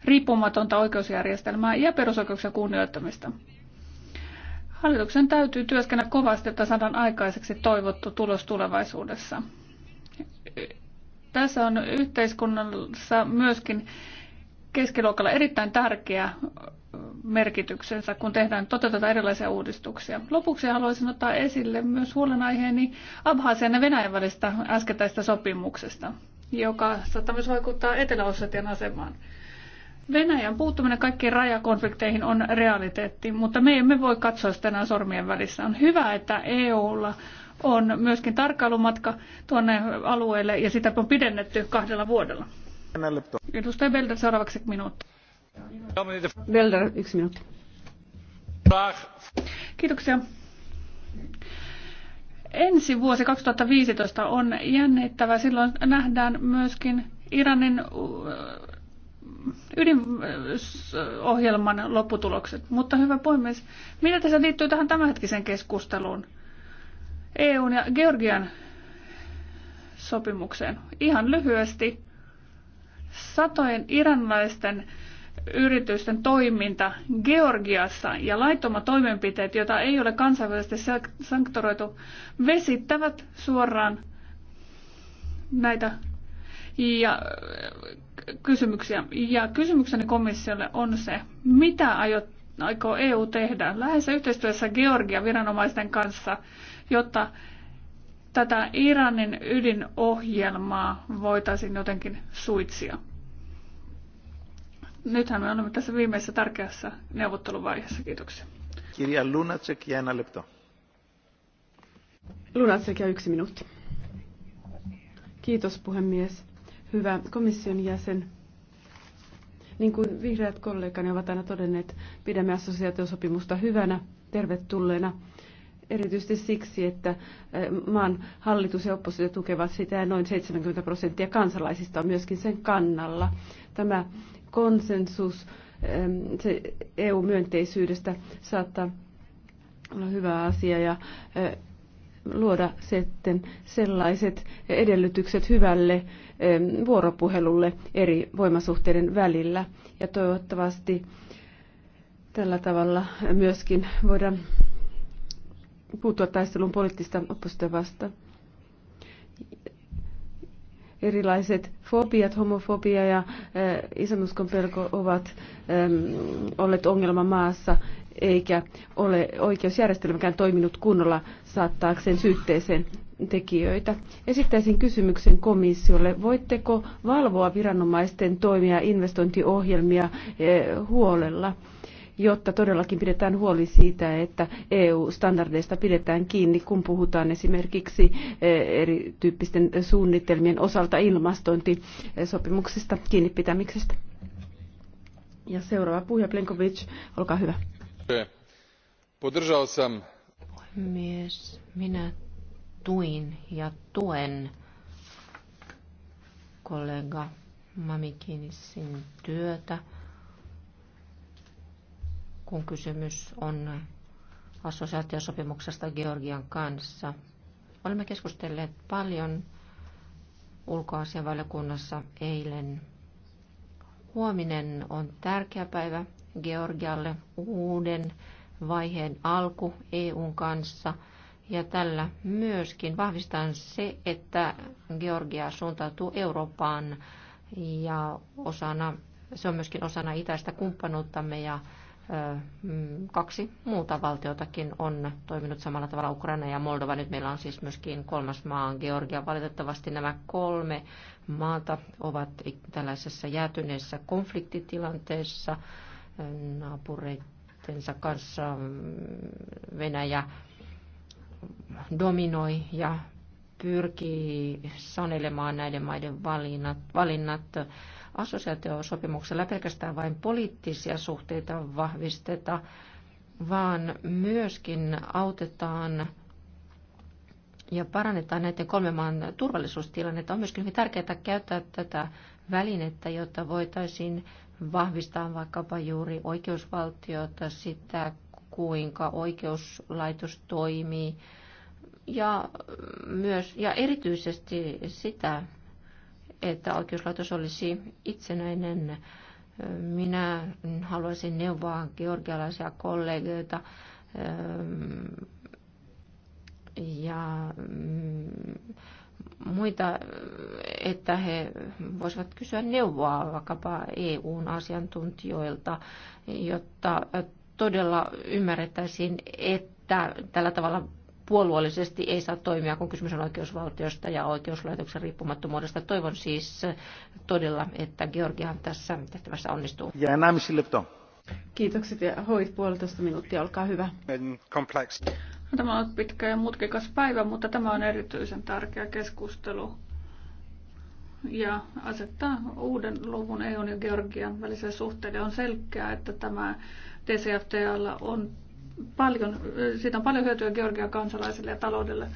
riippumatonta oikeusjärjestelmää ja perusoikeuksien kunnioittamista. Hallituksen täytyy työskennellä kovasti, jotta saadaan aikaiseksi toivottu tulos tulevaisuudessa. Tässä on yhteiskunnassa myöskin keskiluokalla erittäin tärkeä merkityksensä, kun tehdään, toteutetaan erilaisia uudistuksia. Lopuksi haluaisin ottaa esille myös huolenaiheeni Abhaasian ja Venäjän välistä äskettäistä sopimuksesta, joka saattaa myös vaikuttaa Etelä-Ossetian asemaan. Venäjän puuttuminen kaikkiin rajakonflikteihin on realiteetti, mutta me emme voi katsoa sitä enää sormien välissä. On hyvä, että EUlla on myöskin tarkkailumatka tuonne alueelle ja sitä on pidennetty kahdella vuodella. Edustaja Belder, seuraavaksi minuutti. Belder, yksi minuutti. Kiitoksia. Ensi vuosi 2015 on jännittävä. Silloin nähdään myöskin Iranin äh, ydinohjelman lopputulokset. Mutta hyvä puhemies, mitä tässä liittyy tähän tämänhetkiseen keskusteluun? EUn ja Georgian sopimukseen. Ihan lyhyesti, satojen iranlaisten yritysten toiminta Georgiassa ja laittomat toimenpiteet, joita ei ole kansainvälisesti sanktoroitu, vesittävät suoraan näitä ja äh, kysymyksiä. Ja kysymykseni komissiolle on se, mitä aiot, aikoo EU tehdä lähes yhteistyössä Georgia viranomaisten kanssa jotta tätä Iranin ydinohjelmaa voitaisiin jotenkin suitsia. Nythän me olemme tässä viimeisessä tärkeässä neuvotteluvaiheessa. Kiitoksia. Kirja Lunacek, jäänä lepto. Lunacek ja yksi minuutti. Kiitos puhemies. Hyvä komission jäsen. Niin kuin vihreät kollegani ovat aina todenneet, pidämme assosiaatiosopimusta hyvänä, tervetulleena erityisesti siksi, että maan hallitus ja oppositio tukevat sitä ja noin 70 prosenttia kansalaisista on myöskin sen kannalla. Tämä konsensus se EU-myönteisyydestä saattaa olla hyvä asia ja luoda sitten sellaiset edellytykset hyvälle vuoropuhelulle eri voimasuhteiden välillä. Ja toivottavasti tällä tavalla myöskin voidaan puuttua taistelun poliittista oppositiota vastaan. Erilaiset fobiat, homofobia ja eh, isänuskon pelko ovat olleet ongelma maassa, eikä ole oikeusjärjestelmäkään toiminut kunnolla saattaakseen syytteeseen tekijöitä. Esittäisin kysymyksen komissiolle. Voitteko valvoa viranomaisten toimia investointiohjelmia eh, huolella? jotta todellakin pidetään huoli siitä, että EU-standardeista pidetään kiinni, kun puhutaan esimerkiksi e, erityyppisten suunnitelmien osalta ilmastointisopimuksista kiinni pitämisestä. Ja seuraava puhuja Plenkovic, olkaa hyvä. Puhemies, minä tuin ja tuen kollega Mamikinisin työtä kun kysymys on assosiaatiosopimuksesta Georgian kanssa. Olemme keskustelleet paljon ulkoasianvaliokunnassa eilen. Huominen on tärkeä päivä Georgialle uuden vaiheen alku EUn kanssa. Ja tällä myöskin vahvistan se, että Georgia suuntautuu Eurooppaan ja osana, se on myöskin osana itäistä kumppanuuttamme ja Mm, kaksi muuta valtiotakin on toiminut samalla tavalla, Ukraina ja Moldova. Nyt meillä on siis myöskin kolmas maa, Georgia. Valitettavasti nämä kolme maata ovat tällaisessa jäätyneessä konfliktitilanteessa naapureittensa kanssa. Mm, Venäjä dominoi ja pyrkii sanelemaan näiden maiden valinnat, valinnat assosiaatiosopimuksella pelkästään vain poliittisia suhteita vahvisteta, vaan myöskin autetaan ja parannetaan näiden kolmen maan turvallisuustilannetta. On myöskin hyvin tärkeää käyttää tätä välinettä, jotta voitaisiin vahvistaa vaikkapa juuri oikeusvaltiota, sitä kuinka oikeuslaitos toimii ja, myös, ja erityisesti sitä, että oikeuslaitos olisi itsenäinen. Minä haluaisin neuvoa georgialaisia kollegoita ehm, ja mm, muita, että he voisivat kysyä neuvoa vaikkapa EUn asiantuntijoilta, jotta todella ymmärrettäisiin, että tällä tavalla puolueellisesti ei saa toimia, kun kysymys on oikeusvaltiosta ja oikeuslaitoksen riippumattomuudesta. Toivon siis todella, että Georgian tässä tehtävässä onnistuu. Ja enää Kiitokset ja hoit puolitoista minuuttia, olkaa hyvä. Tämä on pitkä ja mutkikas päivä, mutta tämä on erityisen tärkeä keskustelu ja asettaa uuden luvun EUn ja Georgian väliseen suhteelle. On selkeää, että tämä DCFTAlla on paljon, siitä on paljon hyötyä Georgian kansalaisille ja taloudelle.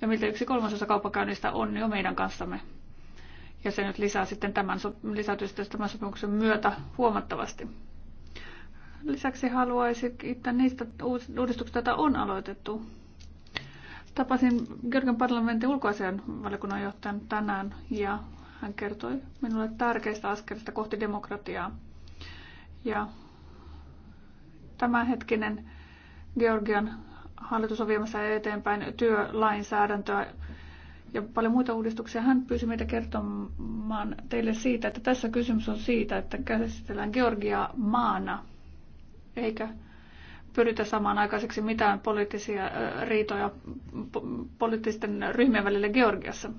Ja miltä yksi kolmasosa kauppakäynnistä on jo niin meidän kanssamme. Ja se nyt lisää sitten tämän, lisätyy tämän sopimuksen myötä huomattavasti. Lisäksi haluaisin kiittää niistä uudistuksista, joita on aloitettu. Tapasin Georgian parlamentin ulkoasian valiokunnan johtajan tänään ja hän kertoi minulle tärkeistä askelista kohti demokratiaa. Ja tämänhetkinen Georgian hallitus on viemässä eteenpäin työlainsäädäntöä ja paljon muita uudistuksia. Hän pyysi meitä kertomaan teille siitä, että tässä kysymys on siitä, että käsitellään Georgiaa maana, eikä pyritä samaan aikaiseksi mitään poliittisia riitoja poliittisten ryhmien välillä Georgiassa.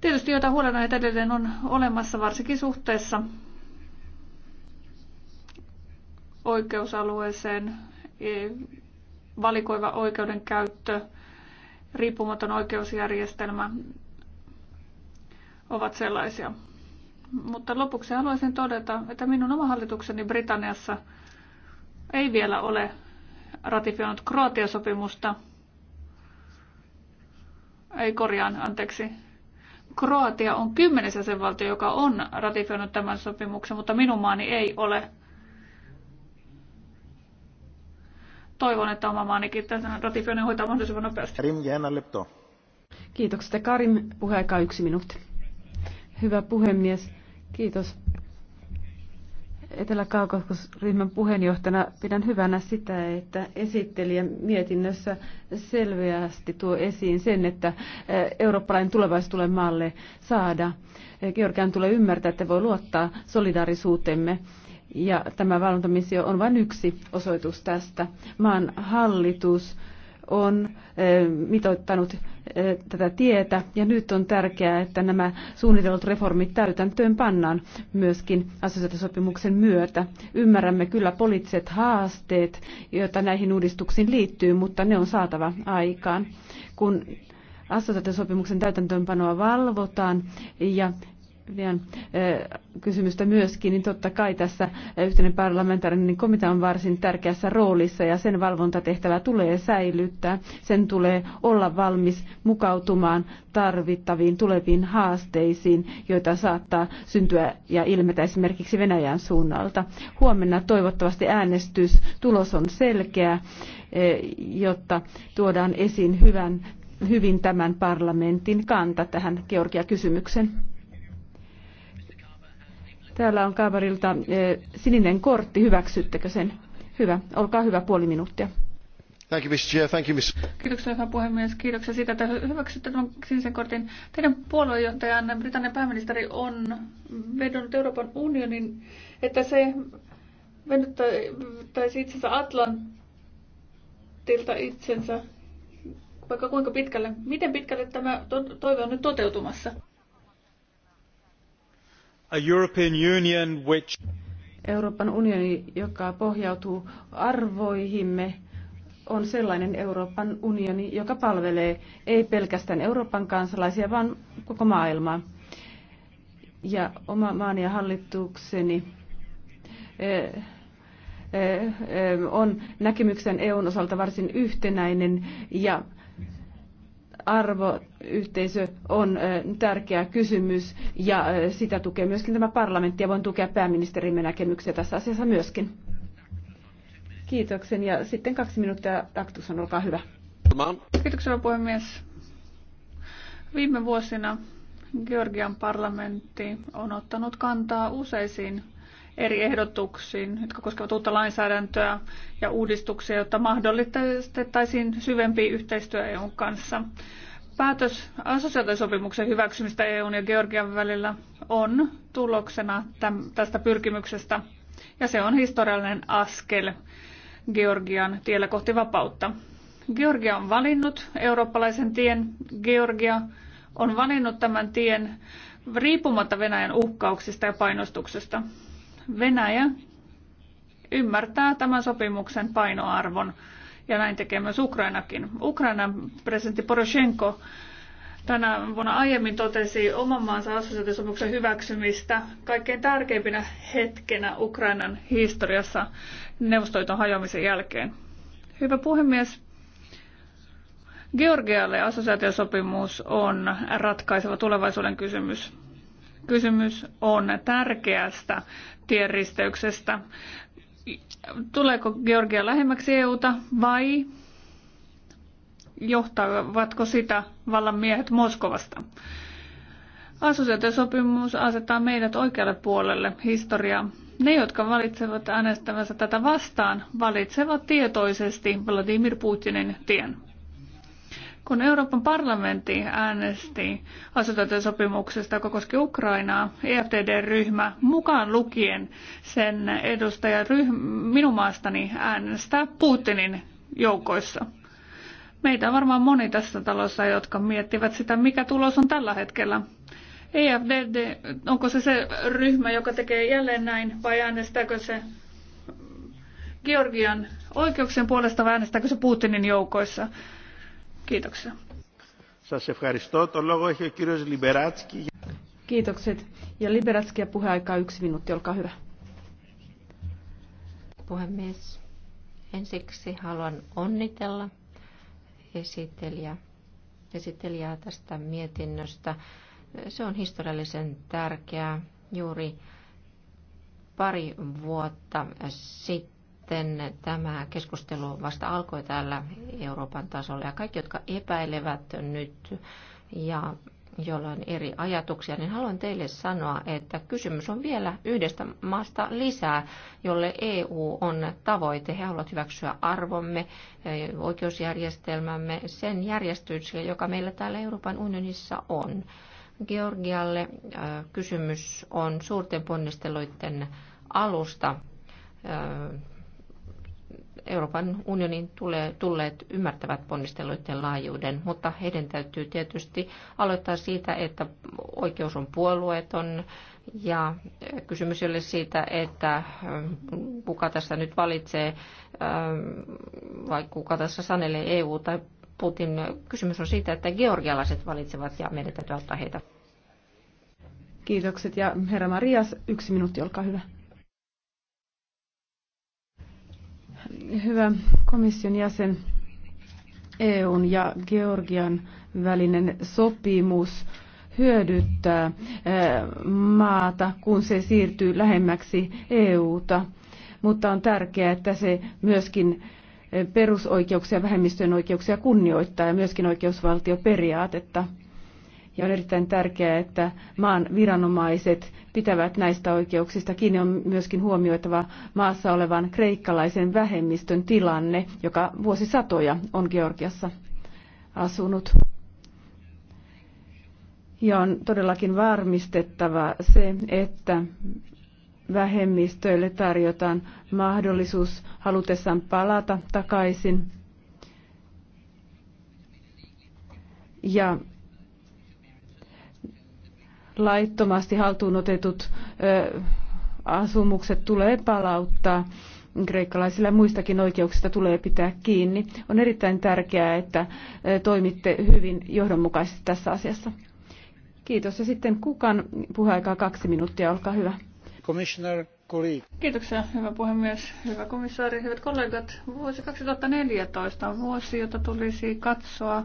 Tietysti joita huolenaiheita edelleen on olemassa, varsinkin suhteessa oikeusalueeseen, e, valikoiva oikeudenkäyttö, riippumaton oikeusjärjestelmä ovat sellaisia. Mutta lopuksi haluaisin todeta, että minun oma hallitukseni Britanniassa ei vielä ole ratifioinut Kroatia-sopimusta. Ei korjaan, anteeksi. Kroatia on kymmenes jäsenvaltio, joka on ratifioinut tämän sopimuksen, mutta minun maani ei ole. toivon, että oma maanikin tämän ratifioinnin hoitaa mahdollisimman nopeasti. Karim, jäänä lepto. Kiitokset. Karim, puheaikaa yksi minuutti. Hyvä puhemies, kiitos. Etelä-Kaukaskusryhmän puheenjohtajana pidän hyvänä sitä, että esittelijä mietinnössä selveästi tuo esiin sen, että eh, eurooppalainen tulevaisuus tulee maalle saada. Eh, Georgian tulee ymmärtää, että voi luottaa solidaarisuutemme ja tämä valvontamissio on vain yksi osoitus tästä. Maan hallitus on eh, mitoittanut eh, tätä tietä ja nyt on tärkeää, että nämä suunnitellut reformit täytäntöön pannaan myöskin assosiaatiosopimuksen myötä. Ymmärrämme kyllä poliittiset haasteet, joita näihin uudistuksiin liittyy, mutta ne on saatava aikaan. Kun assosiaatiosopimuksen täytäntöönpanoa valvotaan ja Vian eh, kysymystä myöskin, niin totta kai tässä eh, yhteinen parlamentaarinen komitea on varsin tärkeässä roolissa ja sen valvontatehtävä tulee säilyttää. Sen tulee olla valmis mukautumaan tarvittaviin tuleviin haasteisiin, joita saattaa syntyä ja ilmetä esimerkiksi Venäjän suunnalta. Huomenna toivottavasti äänestys tulos on selkeä, eh, jotta tuodaan esiin hyvän hyvin tämän parlamentin kanta tähän Georgia-kysymykseen. Täällä on Kaavarilta eh, sininen kortti. Hyväksyttekö sen? Hyvä. Olkaa hyvä puoli minuuttia. Thank you, Mr. Chair. Thank you, Mr. Kiitoksia, hyvä puhemies. Kiitoksia siitä, että hyväksytte tämän sinisen kortin. Teidän puoluejohtajanne, Britannian pääministeri, on vedonnut Euroopan unionin, että se venyttäisi itsensä Atlantilta itsensä vaikka kuinka pitkälle. Miten pitkälle tämä toive on nyt toteutumassa? Euroopan unioni, joka pohjautuu arvoihimme, on sellainen Euroopan unioni, joka palvelee ei pelkästään Euroopan kansalaisia, vaan koko maailmaa. Ja oma maani ja hallitukseni eh, eh, eh, on näkemyksen EUn osalta varsin yhtenäinen ja arvoyhteisö on tärkeä kysymys ja sitä tukee myöskin tämä parlamentti ja voin tukea pääministerimme näkemyksiä tässä asiassa myöskin. Kiitoksen ja sitten kaksi minuuttia Taktusson, olkaa hyvä. Kiitoksia puhemies. Viime vuosina Georgian parlamentti on ottanut kantaa useisiin eri ehdotuksiin, jotka koskevat uutta lainsäädäntöä ja uudistuksia, jotta mahdollistettaisiin syvempi yhteistyö EUn kanssa. Päätös assosiaatiosopimuksen hyväksymistä EUn ja Georgian välillä on tuloksena tästä pyrkimyksestä ja se on historiallinen askel Georgian tiellä kohti vapautta. Georgia on valinnut eurooppalaisen tien. Georgia on valinnut tämän tien riippumatta Venäjän uhkauksista ja painostuksesta. Venäjä ymmärtää tämän sopimuksen painoarvon ja näin tekee myös Ukrainakin. Ukrainan presidentti Poroshenko tänä vuonna aiemmin totesi oman maansa assosiaatiosopimuksen hyväksymistä kaikkein tärkeimpinä hetkenä Ukrainan historiassa neuvostoiton hajoamisen jälkeen. Hyvä puhemies, Georgialle assosiaatiosopimus on ratkaiseva tulevaisuuden kysymys. Kysymys on tärkeästä tienristeyksestä. Tuleeko Georgia lähemmäksi EUta vai johtavatko sitä vallan miehet Moskovasta? Assosiaatiosopimus asettaa meidät oikealle puolelle historiaa. Ne, jotka valitsevat äänestävänsä tätä vastaan, valitsevat tietoisesti Vladimir Putinin tien. Kun Euroopan parlamentti äänesti sopimuksesta, joka koski Ukrainaa, EFTD-ryhmä mukaan lukien sen edustajaryhmä minun maastani äänestää Putinin joukoissa. Meitä on varmaan moni tässä talossa, jotka miettivät sitä, mikä tulos on tällä hetkellä. EFDD, onko se se ryhmä, joka tekee jälleen näin, vai äänestääkö se Georgian oikeuksien puolesta vai äänestääkö se Putinin joukoissa? Kiitoksia. Σας ευχαριστώ. Το λόγο έχει ο κύριος Λιμπεράτσκι. Kiitokset. Ja Liberatski ja puheaikaa yksi minuutti, olkaa hyvä. Puhemies, ensiksi haluan onnitella esittelijä, esittelijää tästä mietinnöstä. Se on historiallisen tärkeää. Juuri pari vuotta sitten sitten tämä keskustelu vasta alkoi täällä Euroopan tasolla ja kaikki, jotka epäilevät nyt ja joilla on eri ajatuksia, niin haluan teille sanoa, että kysymys on vielä yhdestä maasta lisää, jolle EU on tavoite. He haluavat hyväksyä arvomme, e, oikeusjärjestelmämme, sen järjestyksen, joka meillä täällä Euroopan unionissa on. Georgialle e, kysymys on suurten ponnisteluiden alusta e, Euroopan unionin tulee, tulleet ymmärtävät ponnisteluiden laajuuden, mutta heidän täytyy tietysti aloittaa siitä, että oikeus on puolueeton ja kysymys ei ole siitä, että mm, kuka tässä nyt valitsee ähm, vai kuka tässä sanelee EU tai Putin. Kysymys on siitä, että georgialaiset valitsevat ja meidän täytyy ottaa heitä. Kiitokset ja herra Marias, yksi minuutti, olkaa hyvä. Hyvä komission jäsen, EUn ja Georgian välinen sopimus hyödyttää eh, maata, kun se siirtyy lähemmäksi EUta, mutta on tärkeää, että se myöskin eh, perusoikeuksia, vähemmistöjen oikeuksia kunnioittaa ja myöskin oikeusvaltioperiaatetta. Ja on erittäin tärkeää, että maan viranomaiset pitävät näistä oikeuksista kiinni. On myöskin huomioitava maassa olevan kreikkalaisen vähemmistön tilanne, joka vuosisatoja on Georgiassa asunut. Ja on todellakin varmistettava se, että vähemmistöille tarjotaan mahdollisuus halutessaan palata takaisin. Ja laittomasti haltuun otetut asumukset tulee palauttaa. Kreikkalaisilla muistakin oikeuksista tulee pitää kiinni. On erittäin tärkeää, että toimitte hyvin johdonmukaisesti tässä asiassa. Kiitos. Ja sitten kukan puheaikaa kaksi minuuttia, olkaa hyvä. Commissioner Kiitoksia, hyvä puhemies, hyvä komissaari, hyvät kollegat. Vuosi 2014 on vuosi, jota tulisi katsoa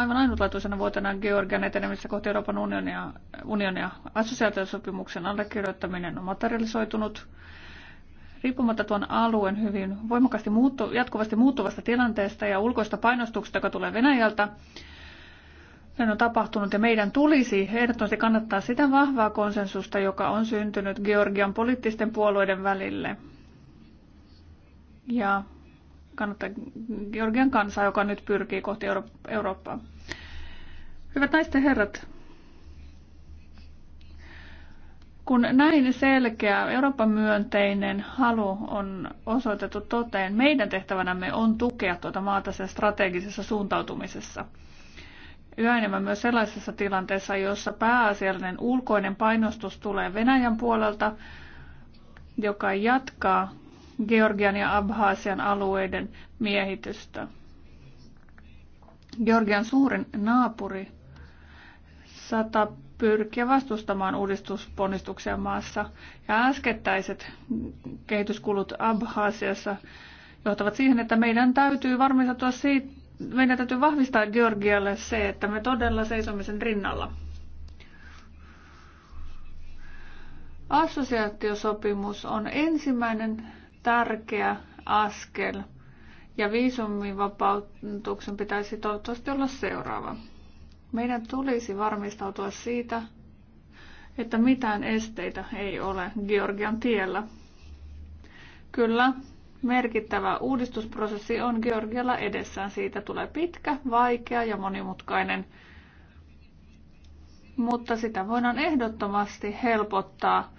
aivan ainutlaatuisena vuotena Georgian etenemistä kohti Euroopan unionia, unionia. Assosiaatiosopimuksen allekirjoittaminen on materialisoitunut. Riippumatta tuon alueen hyvin voimakkaasti muuttu, jatkuvasti muuttuvasta tilanteesta ja ulkoista painostuksesta, joka tulee Venäjältä, se on tapahtunut ja meidän tulisi ehdottomasti kannattaa sitä vahvaa konsensusta, joka on syntynyt Georgian poliittisten puolueiden välille. Ja kannattaa Georgian kansaa, joka nyt pyrkii kohti Euro- Eurooppaa. Hyvät naiset ja herrat, kun näin selkeä Euroopan myönteinen halu on osoitettu toteen, meidän tehtävänämme on tukea tuota maata sen strategisessa suuntautumisessa. Yhä enemmän myös sellaisessa tilanteessa, jossa pääasiallinen ulkoinen painostus tulee Venäjän puolelta, joka jatkaa Georgian ja Abhaasian alueiden miehitystä. Georgian suurin naapuri sata pyrkiä vastustamaan uudistusponnistuksia maassa. Ja äskettäiset kehityskulut Abhaasiassa johtavat siihen, että meidän täytyy varmistaa siitä, meidän täytyy vahvistaa Georgialle se, että me todella seisomme sen rinnalla. Assosiaatiosopimus on ensimmäinen tärkeä askel ja viisumivapautuksen pitäisi toivottavasti olla seuraava. Meidän tulisi varmistautua siitä, että mitään esteitä ei ole Georgian tiellä. Kyllä, merkittävä uudistusprosessi on Georgialla edessään. Siitä tulee pitkä, vaikea ja monimutkainen, mutta sitä voidaan ehdottomasti helpottaa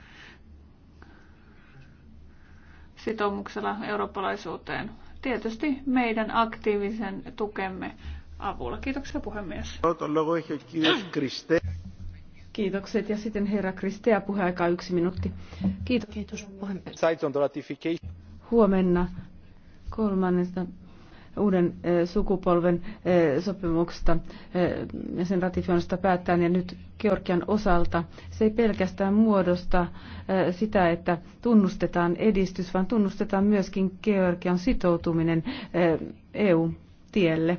sitoumuksella eurooppalaisuuteen. Tietysti meidän aktiivisen tukemme avulla. Kiitoksia puhemies. Kiitokset ja sitten herra Kristeä puheaika yksi minuutti. Kiitos, Kiitos puhemies. Huomenna kolmannesta uuden sukupolven sopimuksesta ja sen ratifioinnista päättää, ja nyt Georgian osalta se ei pelkästään muodosta sitä, että tunnustetaan edistys, vaan tunnustetaan myöskin Georgian sitoutuminen EU-tielle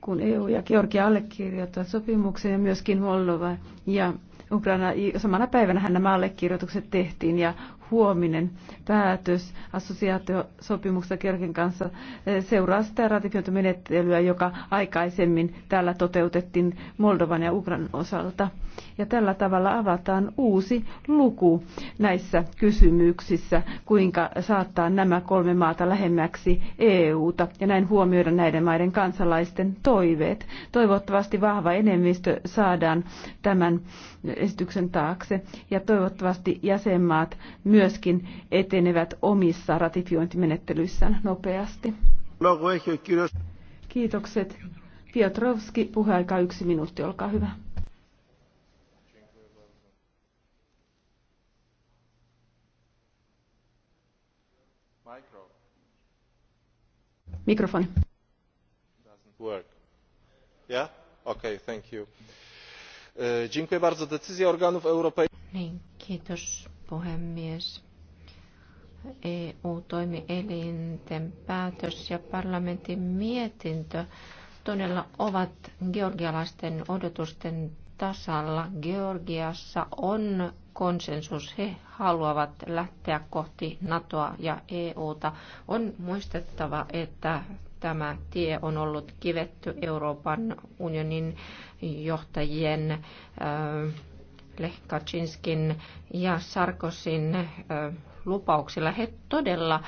kun EU ja Georgia allekirjoittavat sopimuksen ja myöskin Moldova ja Ukraina, samana päivänä nämä allekirjoitukset tehtiin ja huominen päätös assosiaatiosopimuksessa Kerkin kanssa eh, seuraa sitä ratifiointimenettelyä, joka aikaisemmin täällä toteutettiin Moldovan ja Ukrainan osalta. Ja tällä tavalla avataan uusi luku näissä kysymyksissä, kuinka saattaa nämä kolme maata lähemmäksi EUta ja näin huomioida näiden maiden kansalaisten toiveet. Toivottavasti vahva enemmistö saadaan tämän esityksen taakse ja toivottavasti jäsenmaat myös myöskin etenevät omissa ratifiointimenettelyissään nopeasti. Kiitokset. Piotrowski, puheaika yksi minuutti, olkaa hyvä. Mikrofoni. thank you. E, dziękuję bardzo. Decyzja organów europejskich. Niin, kiitos puhemies. EU-toimielinten päätös ja parlamentin mietintö todella ovat georgialaisten odotusten tasalla. Georgiassa on konsensus. He haluavat lähteä kohti NATOa ja EUta. On muistettava, että tämä tie on ollut kivetty Euroopan unionin johtajien Lech Kaczynskin ja Sarkosin lupauksilla. He todella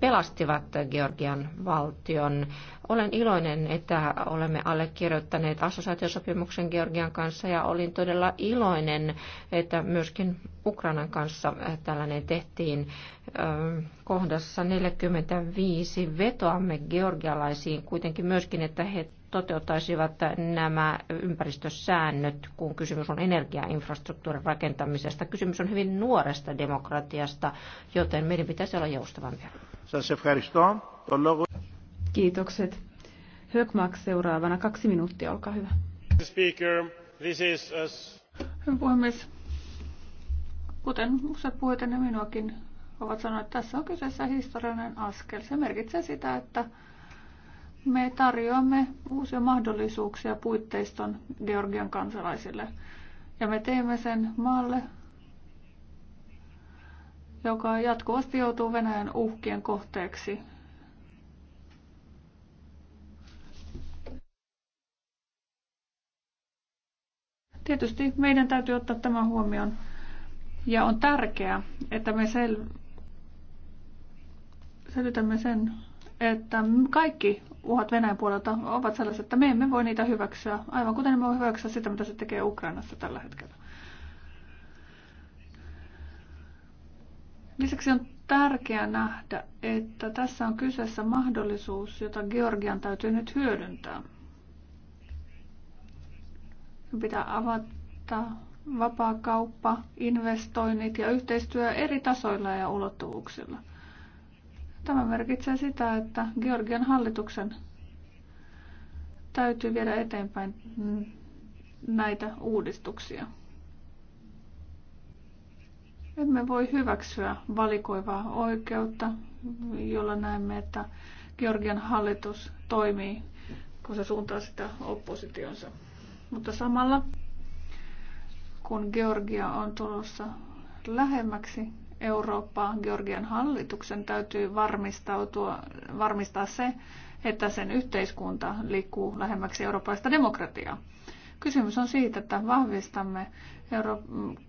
pelastivat Georgian valtion. Olen iloinen, että olemme allekirjoittaneet assosiaatiosopimuksen Georgian kanssa ja olin todella iloinen, että myöskin Ukrainan kanssa äh, tällainen tehtiin kohdassa 45. Vetoamme georgialaisiin kuitenkin myöskin, että he toteuttaisivat nämä ympäristösäännöt, kun kysymys on energiainfrastruktuurin rakentamisesta. Kysymys on hyvin nuoresta demokratiasta, joten meidän pitäisi olla joustavampia. Kiitokset. Hökmark seuraavana. Kaksi minuuttia, olkaa hyvä. Hyvä puhemies. Kuten useat puhujat ennen minuakin ovat sanoneet, tässä on kyseessä historiallinen askel. Se merkitsee sitä, että me tarjoamme uusia mahdollisuuksia puitteiston Georgian kansalaisille. Ja me teemme sen maalle, joka jatkuvasti joutuu Venäjän uhkien kohteeksi. Tietysti meidän täytyy ottaa tämä huomioon. Ja on tärkeää, että me sel- selitämme sen että kaikki uhat Venäjän puolelta ovat sellaiset, että me emme voi niitä hyväksyä, aivan kuten emme voi hyväksyä sitä, mitä se tekee Ukrainassa tällä hetkellä. Lisäksi on tärkeää nähdä, että tässä on kyseessä mahdollisuus, jota Georgian täytyy nyt hyödyntää. Pitää avata vapaa kauppa, investoinnit ja yhteistyö eri tasoilla ja ulottuvuuksilla. Tämä merkitsee sitä, että Georgian hallituksen täytyy viedä eteenpäin näitä uudistuksia. Emme voi hyväksyä valikoivaa oikeutta, jolla näemme, että Georgian hallitus toimii, kun se suuntaa sitä oppositionsa. Mutta samalla, kun Georgia on tulossa lähemmäksi Eurooppaa, Georgian hallituksen täytyy varmistautua, varmistaa se, että sen yhteiskunta liikkuu lähemmäksi eurooppalaista demokratiaa. Kysymys on siitä, että vahvistamme Euro-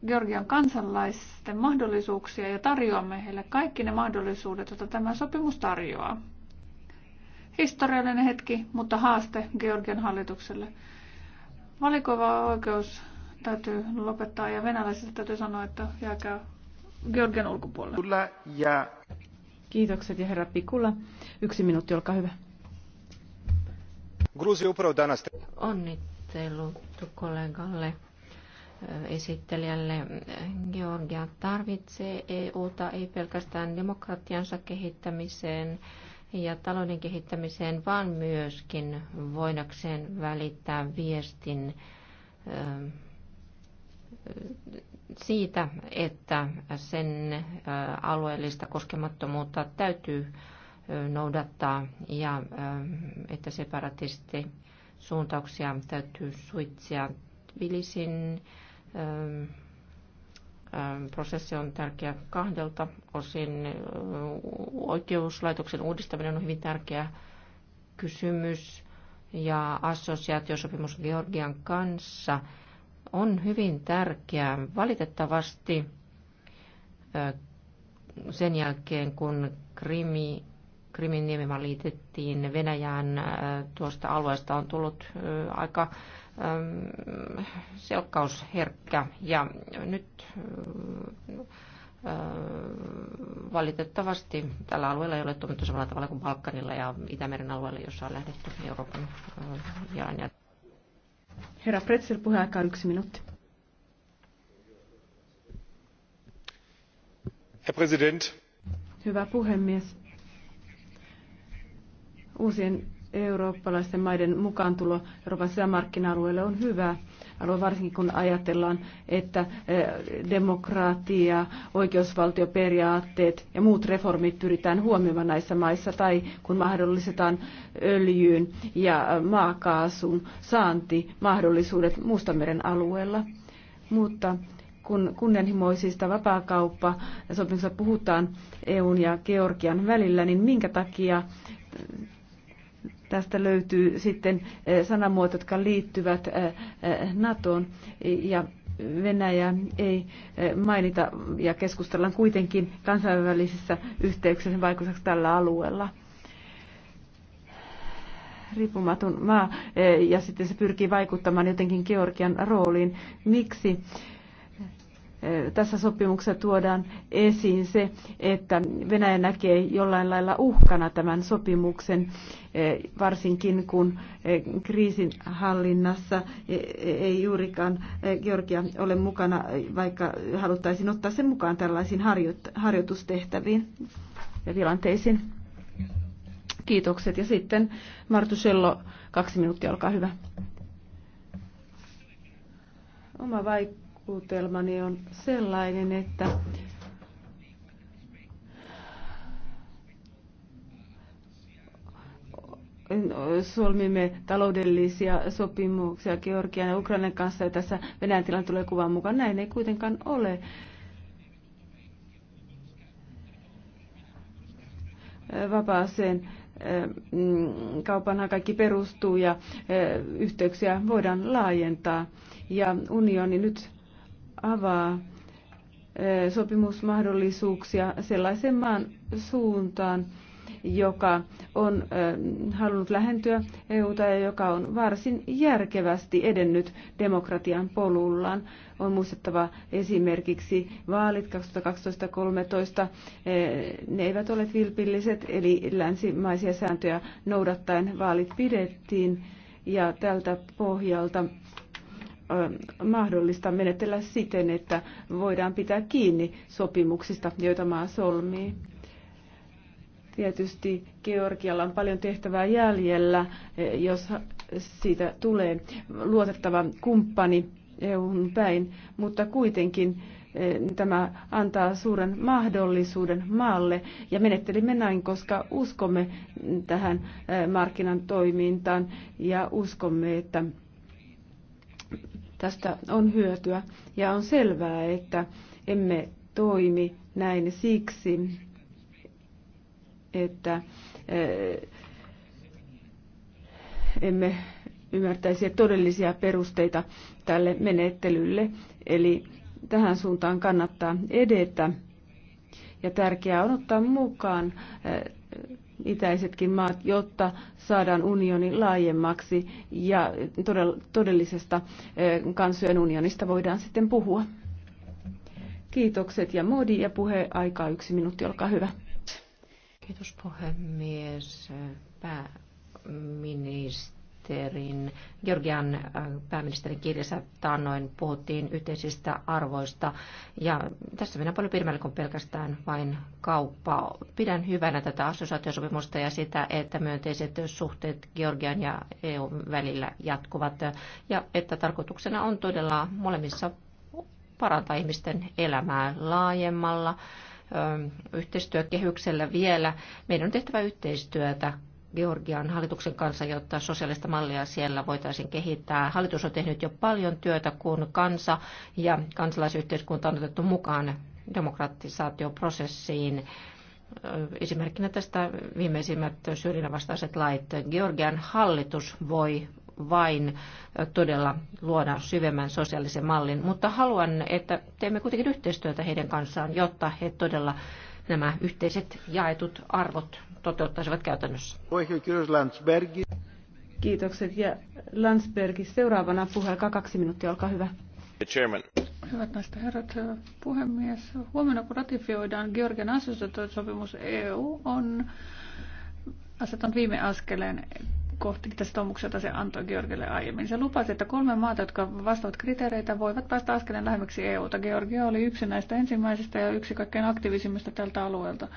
Georgian kansalaisten mahdollisuuksia ja tarjoamme heille kaikki ne mahdollisuudet, joita tämä sopimus tarjoaa. Historiallinen hetki, mutta haaste Georgian hallitukselle. Valikoiva oikeus täytyy lopettaa ja venäläisille täytyy sanoa, että jääkää Georgian ulkopuolella. ja... Kiitokset ja herra Pikula. Yksi minuutti, olkaa hyvä. Gruusi upravo danas. Onnittelu kollegalle esittelijälle. Georgia tarvitsee EUta ei pelkästään demokratiansa kehittämiseen ja talouden kehittämiseen, vaan myöskin voidakseen välittää viestin siitä, että sen alueellista koskemattomuutta täytyy noudattaa ja että separatisti suuntauksia täytyy suitsia. vilisin prosessi on tärkeä kahdelta osin. Oikeuslaitoksen uudistaminen on hyvin tärkeä kysymys ja assosiaatiosopimus Georgian kanssa – on hyvin tärkeää. Valitettavasti sen jälkeen, kun Krimi, Krimin niemimaa liitettiin Venäjään, tuosta alueesta on tullut aika selkkausherkkä. Ja nyt valitettavasti tällä alueella ei ole toimittu samalla tavalla kuin Balkanilla ja Itämeren alueella, jossa on lähdetty Euroopan jalanjälkeen. Herra Pretzel, puheaikaa yksi minuutti. Herr Präsident. Hyvä puhemies. Uusien eurooppalaisten maiden mukaantulo Euroopan sisämarkkina-alueelle on hyvä alue, varsinkin kun ajatellaan, että eh, demokratia, oikeusvaltioperiaatteet ja muut reformit pyritään huomioimaan näissä maissa, tai kun mahdollistetaan öljyyn ja eh, maakaasun saantimahdollisuudet Mustameren alueella. Mutta kun kunnianhimoisista vapaakauppa sopimuksista puhutaan EUn ja Georgian välillä, niin minkä takia Tästä löytyy sitten eh, sanamuotot, jotka liittyvät eh, eh, NATOon ja Venäjä ei mainita ja keskustellaan kuitenkin kansainvälisissä yhteyksissä vaikutuksessa tällä alueella riippumaton maa ja sitten se pyrkii vaikuttamaan jotenkin Georgian rooliin. Miksi tässä sopimuksessa tuodaan esiin se, että Venäjä näkee jollain lailla uhkana tämän sopimuksen, e, varsinkin kun e, kriisinhallinnassa e, ei juurikaan Georgia ole mukana, vaikka haluttaisiin ottaa sen mukaan tällaisiin harjoitustehtäviin ja tilanteisiin. Kiitokset. Ja sitten Sello, kaksi minuuttia, olkaa hyvä. Oma vaikka kuutelmani on sellainen, että solmimme taloudellisia sopimuksia Georgian ja Ukrainan kanssa ja tässä Venäjän tilanne tulee kuvan mukaan. Näin ei kuitenkaan ole. Vapaaseen mm, kaupanhan kaikki perustuu ja eh, yhteyksiä voidaan laajentaa. Ja unioni nyt avaa sopimusmahdollisuuksia sellaisen maan suuntaan, joka on halunnut lähentyä EUta ja joka on varsin järkevästi edennyt demokratian polullaan. On muistettava esimerkiksi vaalit 2012-2013. Ne eivät ole vilpilliset, eli länsimaisia sääntöjä noudattaen vaalit pidettiin ja tältä pohjalta mahdollista menetellä siten, että voidaan pitää kiinni sopimuksista, joita maa solmii. Tietysti Georgialla on paljon tehtävää jäljellä, e, jos siitä tulee luotettava kumppani EUn päin, mutta kuitenkin e, tämä antaa suuren mahdollisuuden maalle ja menettelimme näin, koska uskomme tähän e, markkinan toimintaan ja uskomme, että Tästä on hyötyä ja on selvää, että emme toimi näin siksi, että eh, emme ymmärtäisi todellisia perusteita tälle menettelylle. Eli tähän suuntaan kannattaa edetä. Ja tärkeää on ottaa mukaan eh, itäisetkin maat, jotta saadaan unioni laajemmaksi ja todellisesta kansojen unionista voidaan sitten puhua. Kiitokset ja Modi ja puhe aikaa yksi minuutti, olkaa hyvä. Kiitos puhemies, pääministeri pääministerin, Georgian äh, pääministerin kirjassa taannoin puhuttiin yhteisistä arvoista. Ja tässä mennään paljon pidemmälle kuin pelkästään vain kauppa Pidän hyvänä tätä assosiaatiosopimusta ja sitä, että myönteiset suhteet Georgian ja EU välillä jatkuvat. Ja että tarkoituksena on todella molemmissa parantaa ihmisten elämää laajemmalla yhteistyökehyksellä vielä. Meidän on tehtävä yhteistyötä Georgian hallituksen kanssa, jotta sosiaalista mallia siellä voitaisiin kehittää. Hallitus on tehnyt jo paljon työtä, kun kansa ja kansalaisyhteiskunta on otettu mukaan demokratisaatioprosessiin. Esimerkkinä tästä viimeisimmät syrjinnävastaiset lait. Georgian hallitus voi vain todella luoda syvemmän sosiaalisen mallin, mutta haluan, että teemme kuitenkin yhteistyötä heidän kanssaan, jotta he todella nämä yhteiset jaetut arvot toteuttaisivat käytännössä. Kiitokset. Ja Landsbergi, seuraavana puheelkaa kaksi minuuttia, olkaa hyvä. Hyvät naiset herrat, puhemies. Huomenna kun ratifioidaan Georgian sopimus EU on asettanut viime askeleen kohti sitä sitoumuksia, jota se antoi Georgille aiemmin. Se lupasi, että kolme maata, jotka vastaavat kriteereitä, voivat päästä askeleen lähemmäksi EUta. Georgia oli yksi näistä ensimmäisistä ja yksi kaikkein aktiivisimmista tältä alueelta.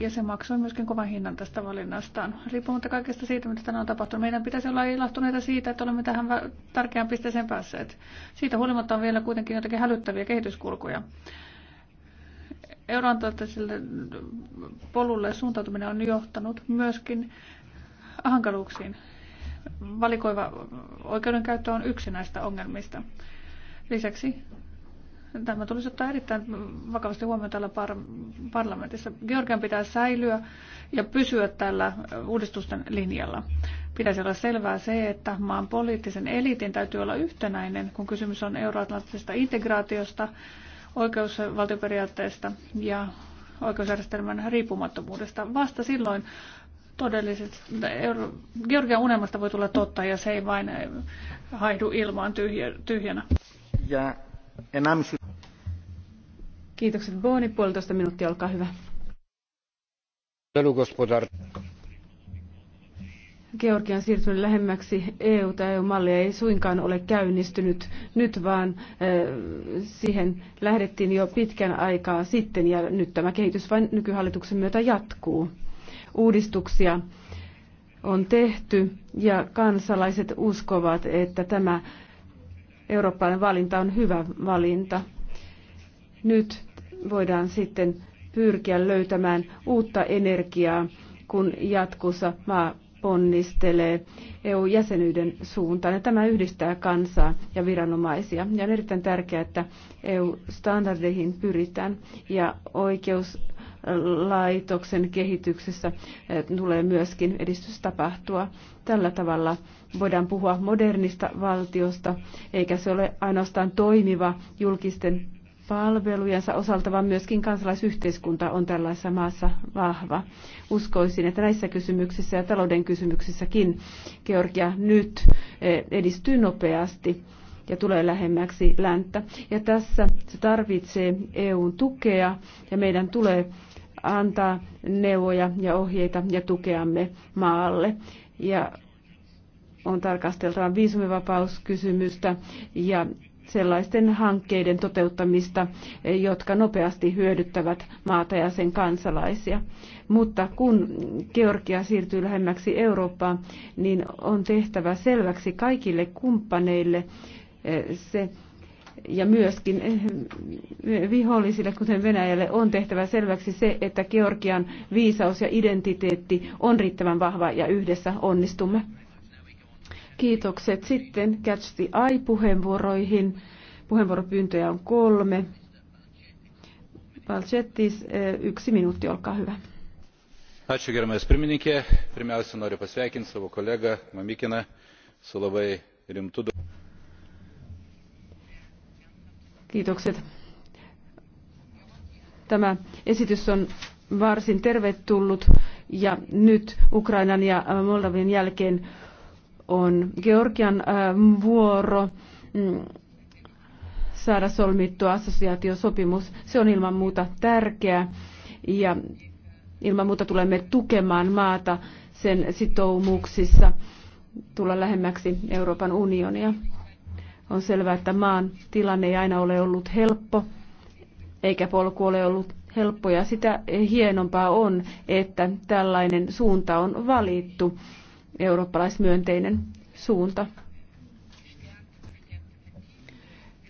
Ja se maksoi myöskin kovan hinnan tästä valinnastaan. Riippumatta kaikesta siitä, mitä tänään on tapahtunut, meidän pitäisi olla ilahtuneita siitä, että olemme tähän tärkeään pisteeseen päässeet. Siitä huolimatta on vielä kuitenkin jotakin hälyttäviä kehityskulkuja euroantlaattiselle polulle suuntautuminen on johtanut myöskin hankaluuksiin. Valikoiva oikeudenkäyttö on yksi näistä ongelmista. Lisäksi tämä tulisi ottaa erittäin vakavasti huomioon täällä par- parlamentissa. Georgian pitää säilyä ja pysyä tällä uudistusten linjalla. Pitäisi olla selvää se, että maan poliittisen eliitin täytyy olla yhtenäinen, kun kysymys on euroatlanttisesta integraatiosta oikeusvaltioperiaatteesta ja oikeusjärjestelmän riippumattomuudesta. Vasta silloin todelliset, Georgian unelmasta voi tulla totta ja se ei vain haihdu ilmaan tyhjä, tyhjänä. Ja enämsi. Kiitokset Booni, puolitoista minuuttia, olkaa hyvä. Georgian siirtyminen lähemmäksi EU- tai EU-mallia ei suinkaan ole käynnistynyt nyt, vaan siihen lähdettiin jo pitkän aikaa sitten ja nyt tämä kehitys vain nykyhallituksen myötä jatkuu. Uudistuksia on tehty ja kansalaiset uskovat, että tämä eurooppalainen valinta on hyvä valinta. Nyt voidaan sitten pyrkiä löytämään uutta energiaa, kun jatkossa maa ponnistelee EU-jäsenyyden suuntaan. Ja tämä yhdistää kansaa ja viranomaisia. Ja on erittäin tärkeää, että EU-standardeihin pyritään ja oikeus laitoksen kehityksessä eh, tulee myöskin edistys tapahtua. Tällä tavalla voidaan puhua modernista valtiosta, eikä se ole ainoastaan toimiva julkisten palvelujensa osalta, vaan myöskin kansalaisyhteiskunta on tällaisessa maassa vahva. Uskoisin, että näissä kysymyksissä ja talouden kysymyksissäkin Georgia nyt eh, edistyy nopeasti ja tulee lähemmäksi länttä. Ja tässä se tarvitsee EUn tukea ja meidän tulee antaa neuvoja ja ohjeita ja tukeamme maalle. Ja on tarkasteltava viisumivapauskysymystä ja sellaisten hankkeiden toteuttamista, jotka nopeasti hyödyttävät maata ja sen kansalaisia. Mutta kun Georgia siirtyy lähemmäksi Eurooppaa, niin on tehtävä selväksi kaikille kumppaneille eh, se, ja myöskin eh, vihollisille, kuten Venäjälle, on tehtävä selväksi se, että Georgian viisaus ja identiteetti on riittävän vahva ja yhdessä onnistumme. Kiitokset sitten Catch the Eye-puheenvuoroihin. Puheenvuoropyyntöjä on kolme. Valchettis, eh, yksi minuutti, olkaa hyvä. Ačiū gerbiamas pirmininkė. Pirmiausia, noriu pasveikinti savo kolegą Mamikiną su labai rimtu. Kiitokset. Tämä esitys on varsin tervetullut ja nyt Ukrainan ja Moldavin jälkeen on Georgian äh, vuoro mm, saada solmittua assosiaatiosopimus. Se on ilman muuta tärkeä ja ilman muuta tulemme tukemaan maata sen sitoumuksissa tulla lähemmäksi Euroopan unionia. On selvää, että maan tilanne ei aina ole ollut helppo, eikä polku ole ollut helppo, ja sitä hienompaa on, että tällainen suunta on valittu eurooppalaismyönteinen suunta.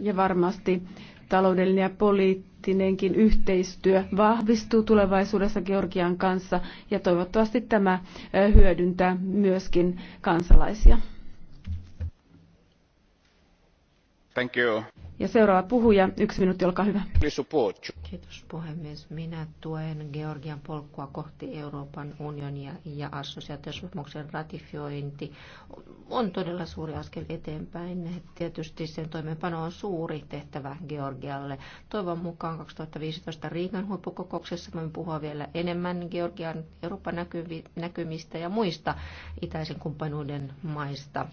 Ja varmasti taloudellinen ja poliittinenkin yhteistyö vahvistuu tulevaisuudessa Georgian kanssa ja toivottavasti tämä hyödyntää myöskin kansalaisia. Thank you. Ja seuraava puhuja, yksi minuutti, olkaa hyvä. Kiitos puhemies. Minä tuen Georgian polkua kohti Euroopan unionia ja assosiaatiosopimuksen ratifiointi on todella suuri askel eteenpäin. Tietysti sen toimeenpano on suuri tehtävä Georgialle. Toivon mukaan 2015 Riikan huippukokouksessa voimme puhua vielä enemmän Georgian Euroopan näkymistä ja muista itäisen kumppanuuden maista